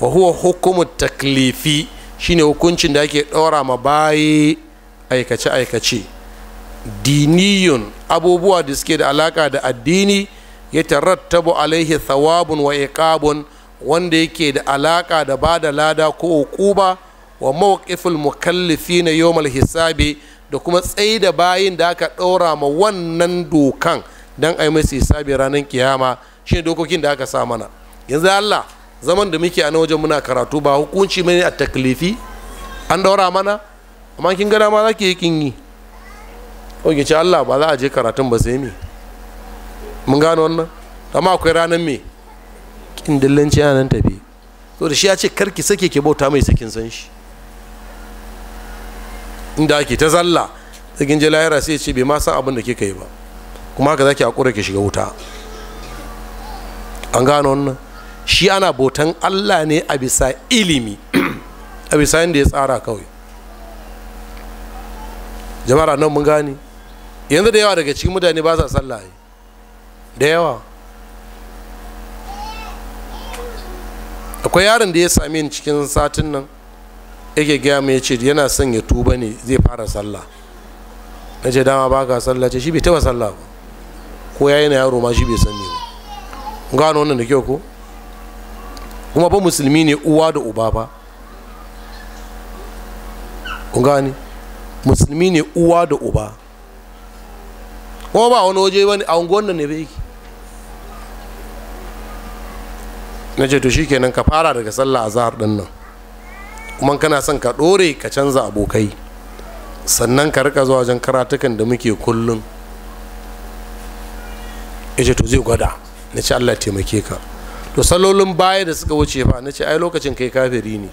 wa huwa hukumu taklifi shine hukuncin da ake ɗora ma bayi aikace aikace diniyun abubuwa da suke da alaka da addini ya tarattabu alaihi thawabun wa iqabun wanda yake da alaka da ba da lada ko hukuba wa mawqiful mukallifi na yawmal hisabi da kuma tsayi da bayin da aka ɗora ma wannan dokan dan ai yi masu hisabi ranar kiyama shine dokokin da aka sa mana yanzu Allah zaman da muke a na wajen muna karatu ba hukunci mai a taklifi an daura mana amma kin gada ma za ki yi kin yi oke ce allah ba za a je karatun ba sai me mun gano wannan amma akwai ranar me kin dillanci yana nan tafi so da shi ya ce karki sake ke bauta mai sakin san shi inda ake ta zalla sakin je lahira sai ce bai ma san abin da kika yi ba kuma haka zaki hakura ki shiga wuta an gano wannan shi ana botan allah ne a bisa ilimi a bisa yadda ya tsara kawai jama'ar nan mun gane yanzu da yawa daga cikin mutane ba sa sallah da yawa akwai yaron da ya same ni cikin satin nan yake gaya mai ce yana son ya tuba ne zai fara sallah na ce dama ba ka sallah ce shi bai taba sallah ba ko ya yi na yaro ma shi bai ne ba gano wannan da kyau ko kuma ba musulmi ne uwa da uba ba ku gani musulmi ne uwa da uba kuma ba wani waje wani a unguwan nan ne bai yake na ce to kenan ka fara daga sallah zahar din nan kuma kana son ka ɗore ka canza abokai sannan ka rika zuwa wajen karatukan da muke kullum ya ce to zai gwada na ce allah taimake ka to salolin baya da suka wuce fa na ce ai lokacin kai kafiri ne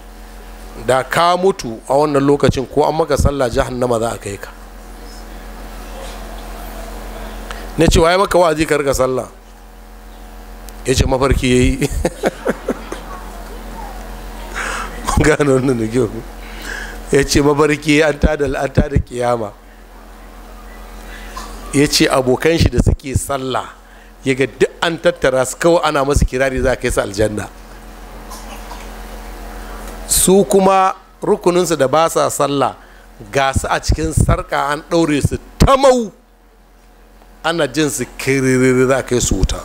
da ka mutu a wannan lokacin ko an maka sallah jahannama za a kai ka na ce waye maka wa'azi ka rika sallah ya ce mafarki ya yi gane wannan da kyau ya ce mafarki an tada an tada kiyama ya ce abokan shi da suke sallah ya ga an tattara su kawai ana masu kirari za ka kai su aljanna su kuma rukuninsu da ba sa sallah ga su a cikin sarka an ɗaure su tamau ana jin su kiriri za ka kai su wuta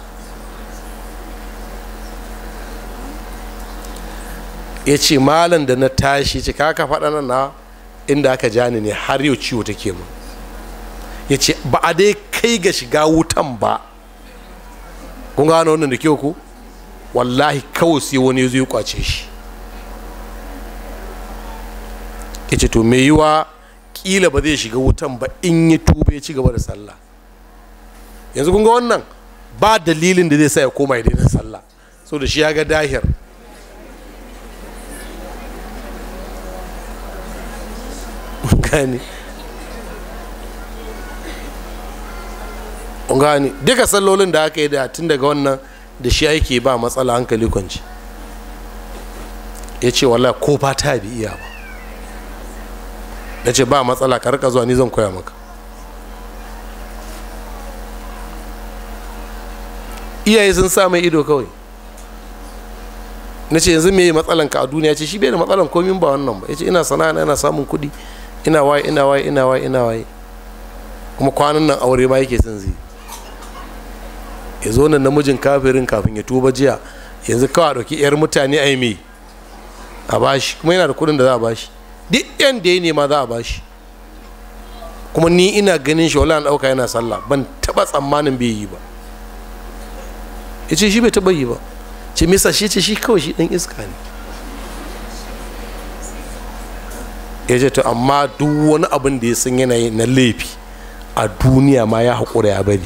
ya ce malam da na tashi ce kaka faɗa na inda aka ja ni ne har yau ciwo take mu ya ce ba a dai kai ga shiga wutan ba kun gano wannan da kyau ku wallahi kawai sai wani zai kwace shi ya to me yiwa kila ba zai shiga wutan ba in ya tube ya ci gaba da sallah yanzu kun ga wannan ba dalilin da zai sa ya koma ya daina sallah so da shi ya ga dahir gani duka sallolin da aka yi da tun daga wannan da shi aiki ba matsala hankali kwanci ya ce wala ko ta bi iya ba ya ce ba matsala ka rika zuwa ni zan koya maka iyaye sun sa mai ido kawai na ce yanzu me matsalan ka a duniya ce shi bai da matsalan komin ba wannan ba ya ce ina sana'a ina samun kuɗi ina waye ina waye ina waye ina waye kuma kwanan nan aure ma yake son zai ya zo nan namijin kafirin kafin ya tuba jiya yanzu kawai ɗauki 'yar mutane a yi a bashi kuma yana da kuɗin da za a bashi duk yan da ya nema za a bashi kuma ni ina ganin shi wala ɗauka yana sallah ban taɓa tsammanin bai yi ba ya ce shi bai taɓa yi ba ce misa shi ce shi kawai shi ɗan iska ne ya ce to amma duk wani abin da ya san yanayi na laifi a duniya ma ya haƙura ya bari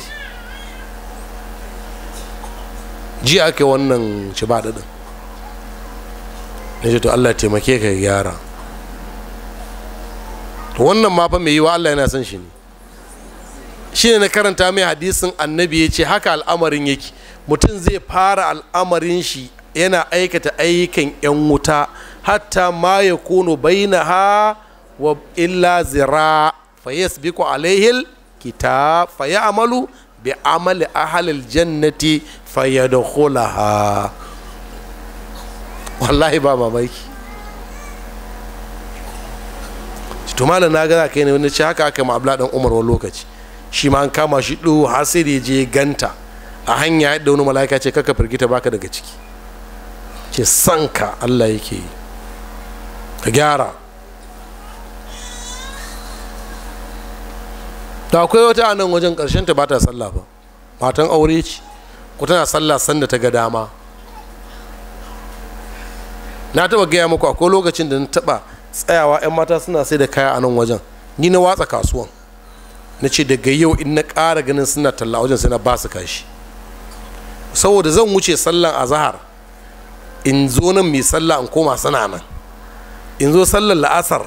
ji ake wannan ba daɗin. na to allah taimake ka gyara wannan ma fa yi wa? allah yana son shi ne shi ne na karanta mai hadisin annabi ya ce haka al'amarin yake mutum zai fara al'amarin shi yana aikata ayyukan 'yan wuta hatta ma ya kono baina ha wa illa zira Fayas yasbiku alaihil kita faya amalu bi amali ahalil jannati fayyadakhulaha wallahi ba mamaki to na ga kai ne wani ce haka aka ma abla dan umar wani lokaci shi ma an kama shi ɗu har sai da je ganta a hanya yadda wani mala'ika ce kaka firgita baka daga ciki ce sanka allah yake ka gyara to akwai wata anan wajen karshen ta bata ta sallah ba matan aure ce ku tana sallah sanda ta ga dama na taɓa gaya muku akwai lokacin da na taɓa tsayawa 'yan mata suna sai da kaya a nan wajen ni na watsa kasuwan na ce daga yau in na ƙara ganin suna talla wajen sai na ba su kashi saboda zan wuce sallan azahar in zo nan mai sallah in koma suna nan in zo sallan la'asar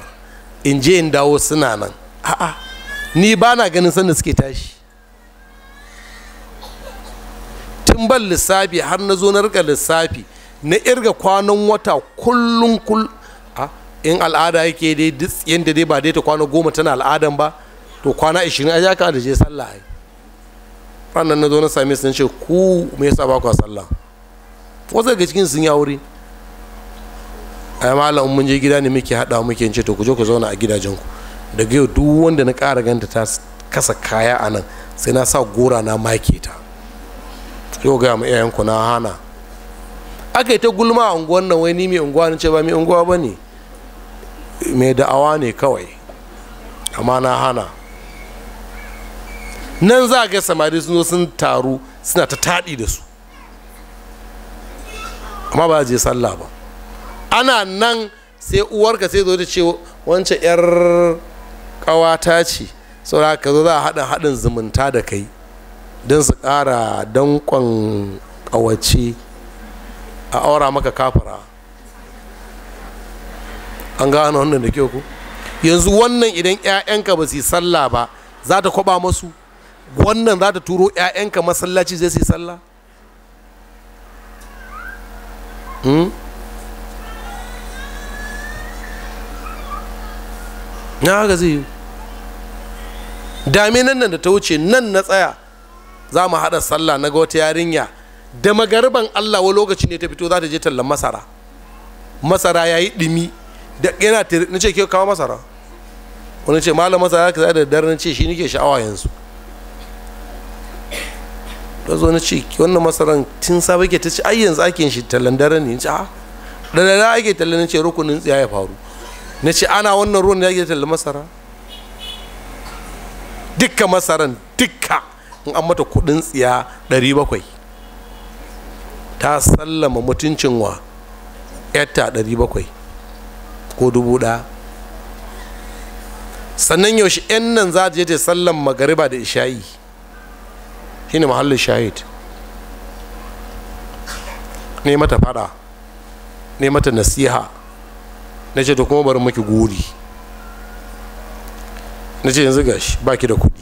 in je in dawo suna nan a'a ni ba na ganin sanda suke tashi tun ban lissafi har na zo na rika lissafi na irga kwanan wata kullum kullum in al'ada yake dai duk yadda dai ba dai ta kwana goma tana al'adan ba to kwana ashirin a jaka da je sallah ai ranar na zo na same su na ce ku me yasa ba ku sallah wasu daga cikin sun ya wuri ai malam mun je gida ne muke hada muke ce to ku je ku zauna a gidajenku daga yau duk wanda na kara ganta ta kasa kaya a nan sai na sa gora na make ta yau ga mai iyayenku na hana aka yi ta gulma a unguwan nan wai ni mai unguwa na ce ba mai unguwa ba ne mai da'awa ne kawai amma na hana nan za ga samari sun zo sun taru suna ta taɗi da su amma ba je sallah ba ana nan sai uwarka sai zo ta ce wancan 'yar ƙawata ce saboda ka zo za a haɗa haɗin zumunta da kai don su ƙara danƙon ƙawace a aura maka kafara an gano wannan da kyau ku yanzu wannan idan 'ya'yanka ba su yi sallah ba za ta kwaba masu wannan za ta turo 'ya'yanka masallaci zai su yi sallah hmm? na haka zai yi Dame nan da ta wuce nan na tsaya za mu haɗa sallah na ga wata yarinya da magariban allah wa lokaci ne ta fito za ta je tallan masara masara ya yi ɗumi da yana na ce ke kawo masara wani ce malam masara ka da dare na ce shi nike sha'awa yanzu ta zo na ce wannan masaran tun safe ke ta ce ai yanzu ake shi tallan dare ne ce a ah. da dare ake tallan ce rukunin tsiya ya faru na ce ana wannan ruwan da ake tallan masara dukka masaran dukka in an mata kudin tsiya 700 ta sallama mutuncin wa yatta 700 ko dubu ɗaya sannan yaushe 'yan nan za ta je ta sallan magariba da isha'i shine mahallin shahid ne mata fada ne mata nasiha na ce da kuma bari maki guri na ce yanzu gashi ba ki da kudi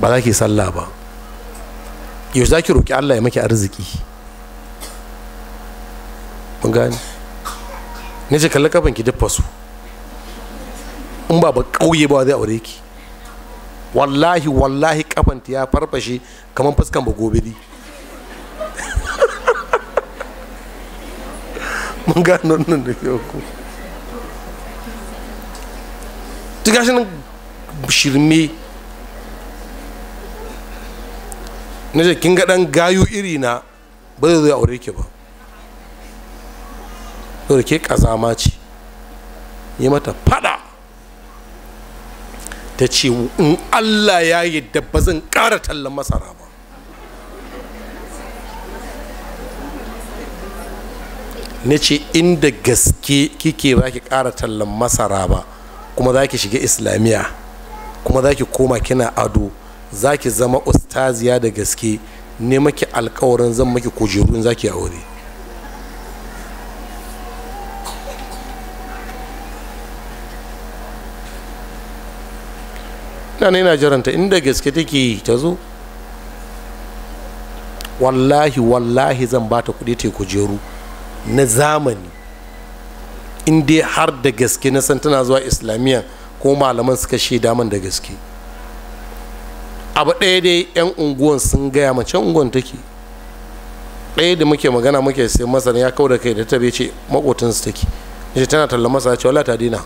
ba za ki sallah ba yau za ki roƙi allah ya maki arziki mun gani na ce kalli kafin ki duffa su in ba ba ƙauye ba zai aure ki wallahi wallahi kafanta ya farfashe kamar fuskan ba gobiri mun gano nan da ko. ta gashi nan shirme na ce kin ga dan gayu iri na ba zai zo ya aure ki ba saboda ke kazama ce yi mata e, fada ta ce in allah ya yadda e ba zan ƙara tallan masara ba na ce inda gaske kike ba ki ƙara tallan masara ba kuma za ki shiga islamiyya kuma za ki koma kina ado za ki zama ustaziya da gaske ne maki alkawarin zan maki kujeru in za ki aure na ne na inda gaske take ta zo wallahi wallahi zan ba ta kuɗi ta kujeru na zamani in dai har da gaske na san tana zuwa islamiyya ko malaman suka shaida man da gaske abu ɗaya dai 'yan unguwan sun gaya mace unguwan take ɗaya da muke magana muke sai masana ya kawo da kai da ta bai ce su take ce tana talla masa ce wala ta dina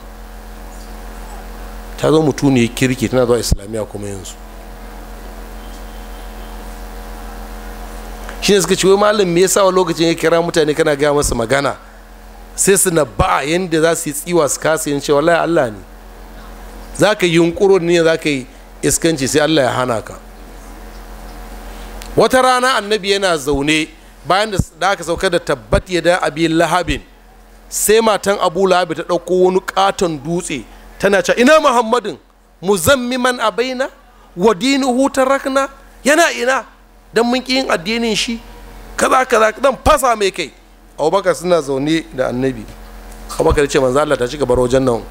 ta zo ne kirki tana zuwa islamiyya kuma yanzu shi ne suka ce wai malam me yasa wa lokacin ya kira mutane kana gaya masa magana sai su na ba yadda za su yi tsiwa su kasa yin cewa wallahi Allah ne za ka yi yunkuro ne za ka yi iskanci sai Allah ya hana ka wata rana annabi yana zaune bayan da aka sauka da tabbat ya da abi lahabin sai matan abu lahabi ta ɗauko wani katon dutse tana cewa ina muhammadin muzammiman abaina wa dinuhu rakna yana ina dan mun ƙi yin addinin shi kaza kaza dan fasa mai kai abubakar suna zaune da annabi abubakar ce manzo Allah ta shiga baro wajen nan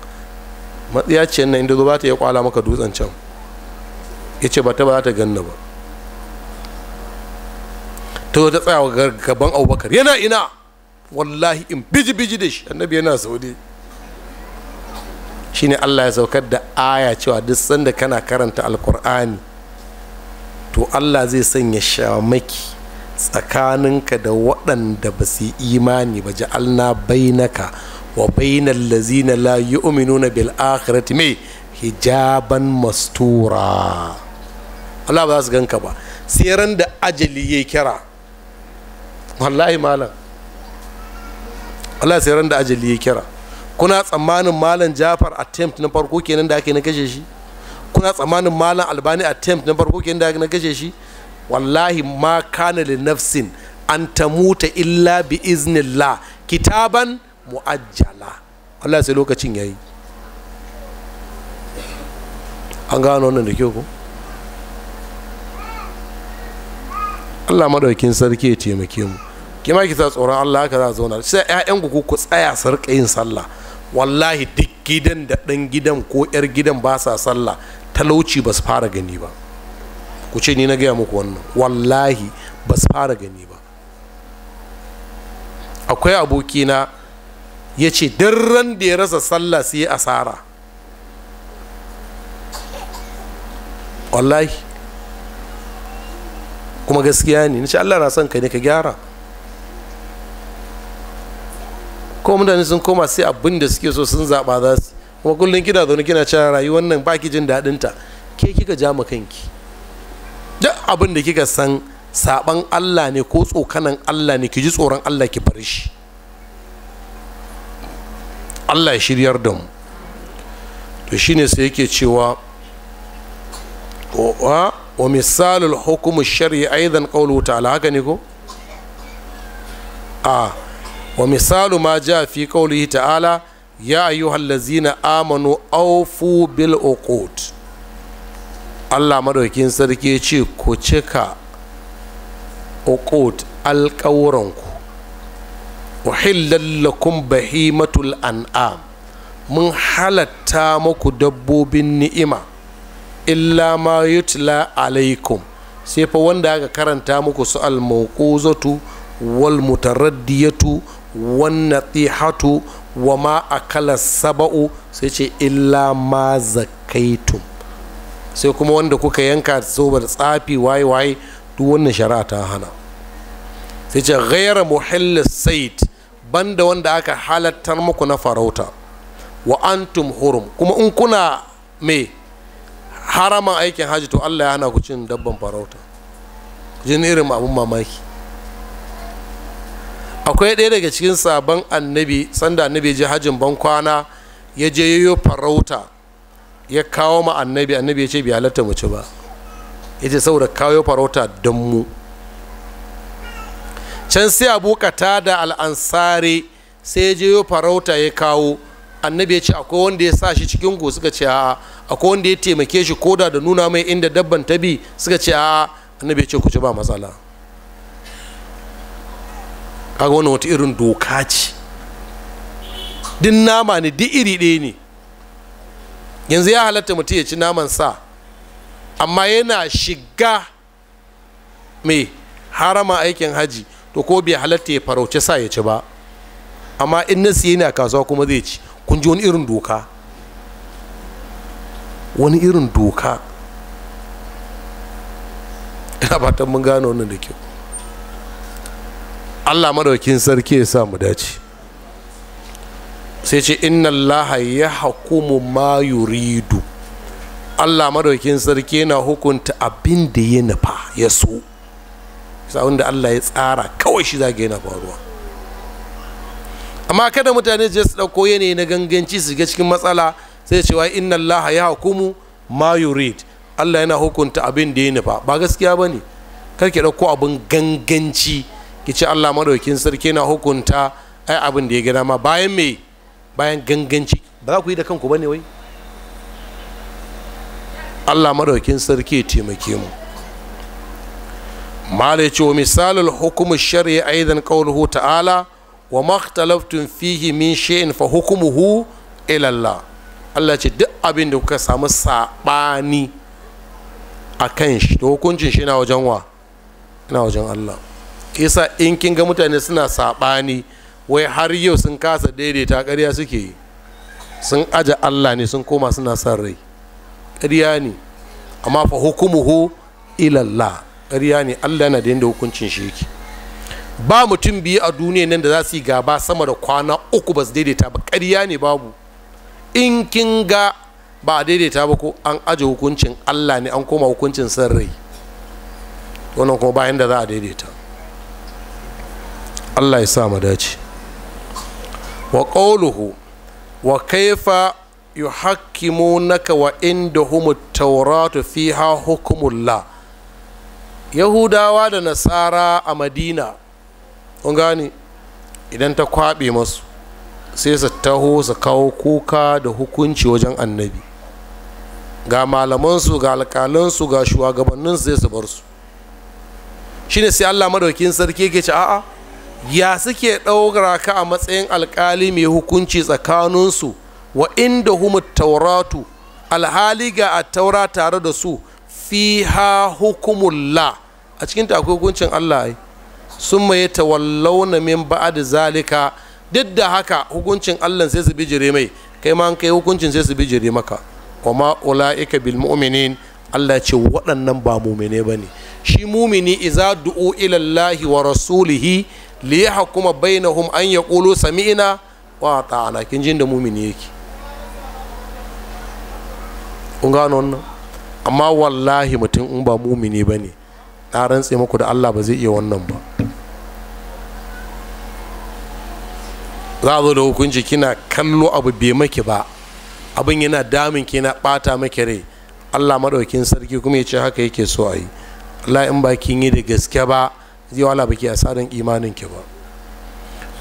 matsiya ce nan inda zo ba ta yi kwala maka dutsen can ya ce ba ta ba za ta ganna ba ta zo ta tsaya gaban abubakar yana ina wallahi in biji biji da shi annabi yana saudi shine allah ya saukar da aya cewa duk sanda kana karanta alkur'ani to allah zai sanya shamaki tsakaninka da waɗanda ba su imani ba ja'alna bainaka wa bainal lazina la yu'minuna bil akhirati me hijaban mastura Allah ba za su ganka ba sai ran da ajali ya kira wallahi malam Allah sai ran da ajali ya kira kuna tsammanin malam Jafar attempt na farko kenan da ake na kashe shi kuna tsammanin malam Albani attempt na farko kenan da ake na kashe shi wallahi ma kana li nafsin an tamuta illa bi iznillah kitaban mu'ajjala Allah sai lokacin yayi an gano wannan da kyau ko Allah madaukin sarki ya taimake mu ki ma ki sa tsoron Allah haka za a zauna sai ƴaƴan ku ku tsaya su rika yin sallah wallahi duk gidan da ɗan gidan ko ƴar gidan ba sa sallah talauci ba su fara gani ba ku ce ni na gaya muku wannan wallahi ba su fara gani ba akwai abokina ya ce ran da ya rasa sallah sai asara wallahi kuma gaskiya ne nace Allah na son ka ne ka gyara ko mutane sun koma sai abinda suke so sun zaɓa za su kuma kullum kina zaune kina cewa rayuwar nan baki jin daɗinta ke kika ja ma kanki duk abin da kika san saban allah ne ko tsokanan allah ne ki ji tsoron allah ki bar shi allah ya shiryar da mu to shine sai yake cewa wa misalul hukumu shari'a aidan qawluhu ta'ala haka ne ko a wa misalu ma ja fi qawlihi ta'ala ya ayyuhallazina amanu awfu bil uqud allah madaukin sarki ce ku cika uqut alƙawuranku uhillallakum bahimatul an'am mun halatta muku dabbobin ni'ima illa ma yutla alaikum sai fa wanda aka karanta muku su almuquzatu wal mutaraddiyatu wan natihatu wa ma akala saba'u sai ce illa ma zakaitum sai kuma wanda kuka yanka da tsafi waye waye duk wannan shari'a ta hana sai ce ghayra muhallis said banda wanda aka halattar muku na farauta wa antum hurum kuma in kuna me haraman aikin hajji to Allah ya hana ku cin dabban farauta jin irin abun mamaki akwai ɗaya daga cikin sabon annabi sanda annabi ji hajin ban kwana ya je yayo farauta ya kawo ma annabi annabi ya ce bai halatta mu ci ba ya saboda kawo farauta don mu can sai abu kata da al'ansari sai ya je farauta ya kawo annabi ya ce akwai wanda ya sa shi cikin go suka ce a akwai wanda ya taimake shi koda da nuna mai inda dabban ta bi suka ce a annabi ya ce ku ci ba matsala kaga wannan wata irin doka ce din nama ne duk iri ɗaya ne yanzu ya halatta mutum ya ci naman sa amma yana shiga mai harama aikin haji to ko bai halatta ya farauce sa ya ci ba amma in na yana a kasuwa kuma zai ci kun ji wani irin doka wani irin doka ina fatan mun gano wannan da kyau allah madaukin sarki ya sa mu dace sai ce inna allaha ya hakumu ma yuridu allah madaukin sarki yana hukunta abin da ya nufa ya so sa'un da allah ya tsara kawai shi zaga yana faruwa amma kada mutane je su ɗauko yanayi na ganganci su ga cikin matsala sai cewa inna allaha ya hukumu ma yurid allah yana hukunta abin da ya nufa ba gaskiya ba ne karki ɗauko abin ganganci ki ce allah madaukin sarki yana hukunta ai abin da ya gina ma bayan mai bayan ganganci ba za ku yi da kanku ba ne wai allah maɗaukin sarki ya taimake mu mala ya ce wa misalin hukumu shari'a aidan qawluhu ta'ala wa makhtalaftun fihi min shay'in fa hukumuhu ilallah allah ce duk abin da kuka samu saɓani a kan shi da hukuncin shi na wajen wa ina wajen allah yasa in kin ga mutane suna saɓani wai har yau sun kasa daidaita ƙarya suke yi sun aja allah ne sun koma suna son rai ƙarya ne amma fa hukumuhu ilallah ƙarya ne allah yana da yadda hukuncin shi yake ba mutum biyu a duniya nan da za su yi gaba sama da kwana uku ba su daidaita ba ƙarya ne babu in kin ga ba a daidaita ba ko an aje hukuncin allah ne an koma hukuncin son rai wannan kuma bayan da za a daidaita allah ya sa mu dace wa qawluhu wa kaifa yuhakkimunaka wa indahum at-tauratu ha hukumulla. yahudawa da nasara a madina kun idan ta kwaɓe masu sai su taho su kawo kuka da hukunci wajen annabi ga malamansu ga alƙalansu ga shugabanninsu zai su bar su shine sai allah madaukin sarki ke ci a'a ya suke ɗaura ka a matsayin alkali mai hukunci tsakaninsu wa inda humu tauratu alhali ga a taura tare da su fiha hukumulla a cikin akwai hukuncin Allah sun maye tawallauna min ba'ad zalika duk da haka hukuncin Allah sai su bijire mai kai ma kai hukuncin sai su bijire maka wa ma ulaika bil mu'minin Allah ce waɗannan ba mu'mine bane shi mumini iza du'u ila Allah wa rasulihi li yahkuma bainahum an yaqulu sami'na wa ta'ana kin jin da mumini yake kun gano wannan amma wallahi mutum in ba mumini bane na rantse muku da Allah ba zai iya wannan ba za a zo da hukunci kina kallo abu bai maki ba abin yana damin ki na bata maki rai Allah madaukin sarki kuma ya ce haka yake so a yi Allah in ba kin yi da gaske ba zai wala baki asarin imanin ki ba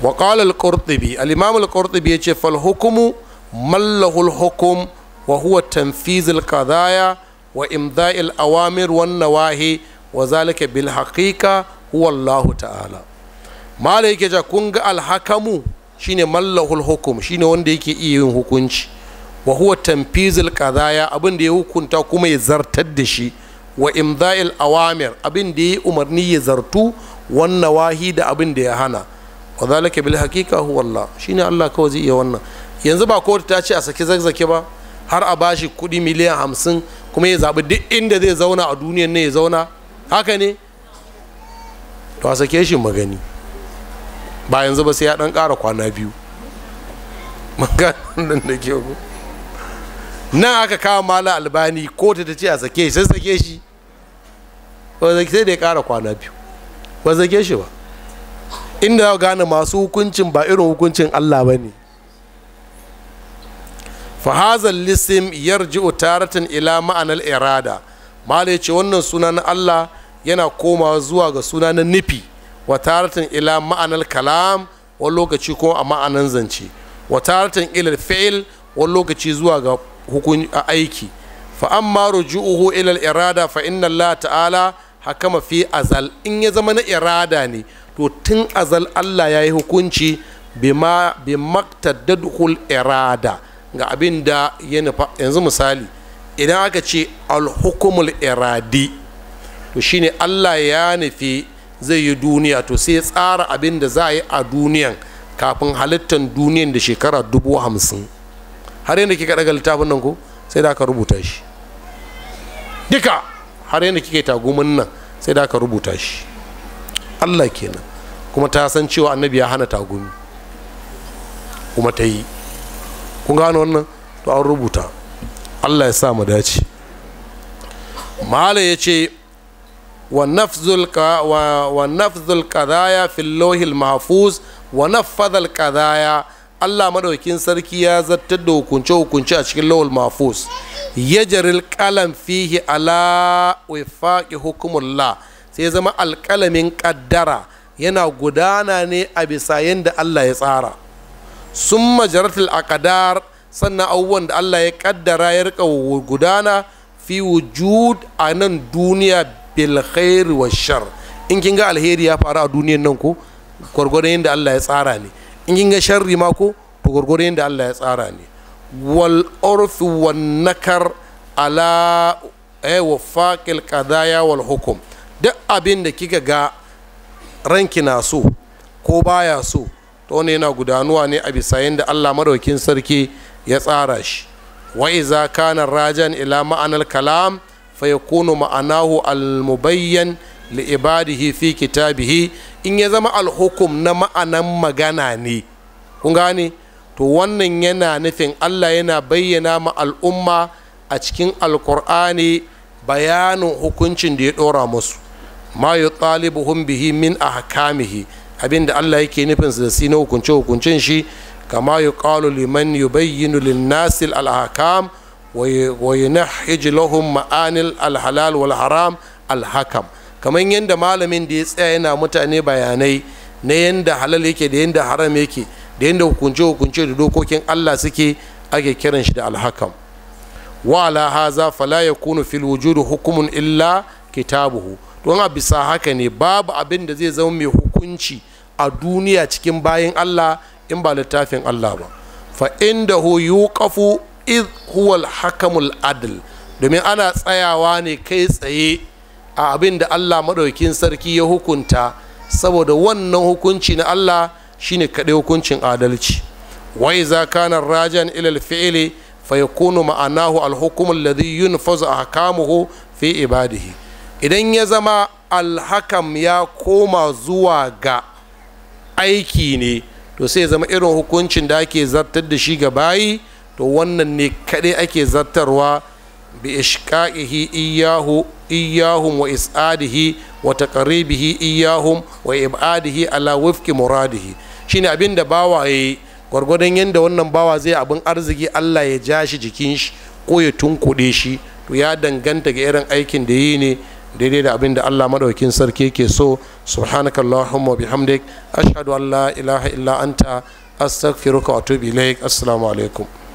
wa qala al-qurtubi al-imam al-qurtubi yace fal hukumu mallahu al-hukm wa huwa tanfiz al-qadaya wa imda'i al-awamir wan nawahi wa zalika bil haqiqa huwa Allah ta'ala malai yake ja kun ga al-hakamu shine mallahu al-hukm shine wanda yake iya yin hukunci wa huwa tanfizul qadaya abin da ya hukunta kuma ya zartar da shi wa Imzail awamir abin da ya umarni ya zartu wannan wahi da abin da ya hana wa zalika bil haqiqa huwa Allah shine Allah kawai zai iya wannan yanzu ba kotu ta ce a saki zakzake ba har a bashi kuɗi miliyan hamsin kuma ya zaɓi duk inda zai zauna a duniyan ne ya zauna haka ne to a sake shi magani ba yanzu ba sai ya ɗan ƙara kwana biyu maganin da ke nan aka kawo mala albani kotu ta ce a sake shi sai sake shi sai da ya ƙara kwana biyu ba zage shi ba inda ya gane masu hukuncin ba irin hukuncin allah ba ne fahazal lisim yarji'u taratan ila ma'anar irada malai ce wannan suna na allah yana koma zuwa ga suna na nufi wa taratan ila ma'anar kalam wani lokaci ko a ma'anar zance wa taratan ila fa'il wani lokaci zuwa ga hukun aiki fa amma ruju'uhu ila irada fa inna allah ta'ala hakama fi azal in ya zama na irada ne to tun azal Allah ya yi hukunci bima bi irada ga abin da ya nufa yanzu misali idan aka ce alhukumul iradi to shine Allah ya nufi zai yi duniya to sai tsara abin da za a yi a duniyan kafin halittar duniyan da shekara dubu hamsin har yadda kika daga littafin nan ko sai da aka rubuta shi duka har yadda kika yi tagumin nan sai da aka rubuta shi allah kenan kuma ta san cewa annabi ya hana tagumi kuma ta yi kun gano wannan to an rubuta allah ya sa mu dace mala ya ce wa nafzul kadaya mahfuz wa nafadhal kadaya Allah madaukin sarki ya zartar da hukunce hukunce a cikin lawal mafus jaril kalam fihi ala wifaqi hukumullah sai ya zama alƙalamin ƙaddara yana gudana ne a bisa yadda Allah ya tsara sun majaratul akadar sannan abubuwan da Allah ya ƙaddara ya rika gudana fi wujud a nan duniya bil wa shar in kin ga alheri ya faru a duniyar nan ko gwargwadon da Allah ya tsara ne in yin ga sharri ma ko to gurgure yadda Allah ya tsara ne wal urf wan nakar ala ay eh, wafaqil qadaya wal hukum duk abin da kika ga ranki na so ko baya so to ne yana gudanuwa ne a bisa yanda Allah madaukin sarki ya tsara shi wa iza kana rajan ila ma'anar kalam fa yakunu ma'anahu al mubayyan li ibadihi fi kitabihi in ya zama alhukum na ma'anan magana ne kun gane to wannan yana nufin allah yana bayyana ma al'umma a cikin alkur'ani bayanin hukuncin da ya ɗora musu ma yi ɗalibuhun bihi min a hakamihi abinda allah yake nufin su da si na hukunce hukuncin shi kama yi kalu liman yi bayyinu linnasil alhakam wa yi nahiji lahum ma'anil alhalal wal haram alhakam kamar yadda malamin da ya tsaya yana mutane bayanai na yadda halal yake da yadda haram yake da yadda hukunce hukunce da dokokin allah suke ake kiran shi da alhakam wa ala haza fala yakunu fil wujudu hukumun illa kitabuhu don a bisa haka ne babu abin da zai zama mai hukunci a duniya cikin bayan allah in ba littafin allah ba fa inda hu yuqafu id hakamul adl domin ana tsayawa ne kai tsaye a abin da allah maɗaukin sarki ya hukunta saboda wannan hukunci na allah shine kaɗai hukuncin adalci wai za kana rajan ilal fi'ili fa yakunu ma'anahu alhukum alladhi yunfazu ahkamuhu fi ibadihi idan ya zama alhakam ya koma zuwa ga aiki ne to sai zama irin hukuncin da ake zartar da shi ga bayi to wannan ne kaɗai ake zartarwa bi ishqaqihi iyyahu iyyahum wa is'adihi wa taqribihi iyyahum wa ibadihi ala wifqi muradihi shine abin da bawa yayi gwargwadon yadda wannan bawa zai abin arziki Allah ya ja shi jikin shi ko ya tunkude shi to ya danganta ga irin aikin da yi ne daidai da abin da Allah madaukin sarki ke so subhanaka allahumma bihamdik ashhadu an la ilaha illa anta astaghfiruka wa atubu ilaik assalamu alaikum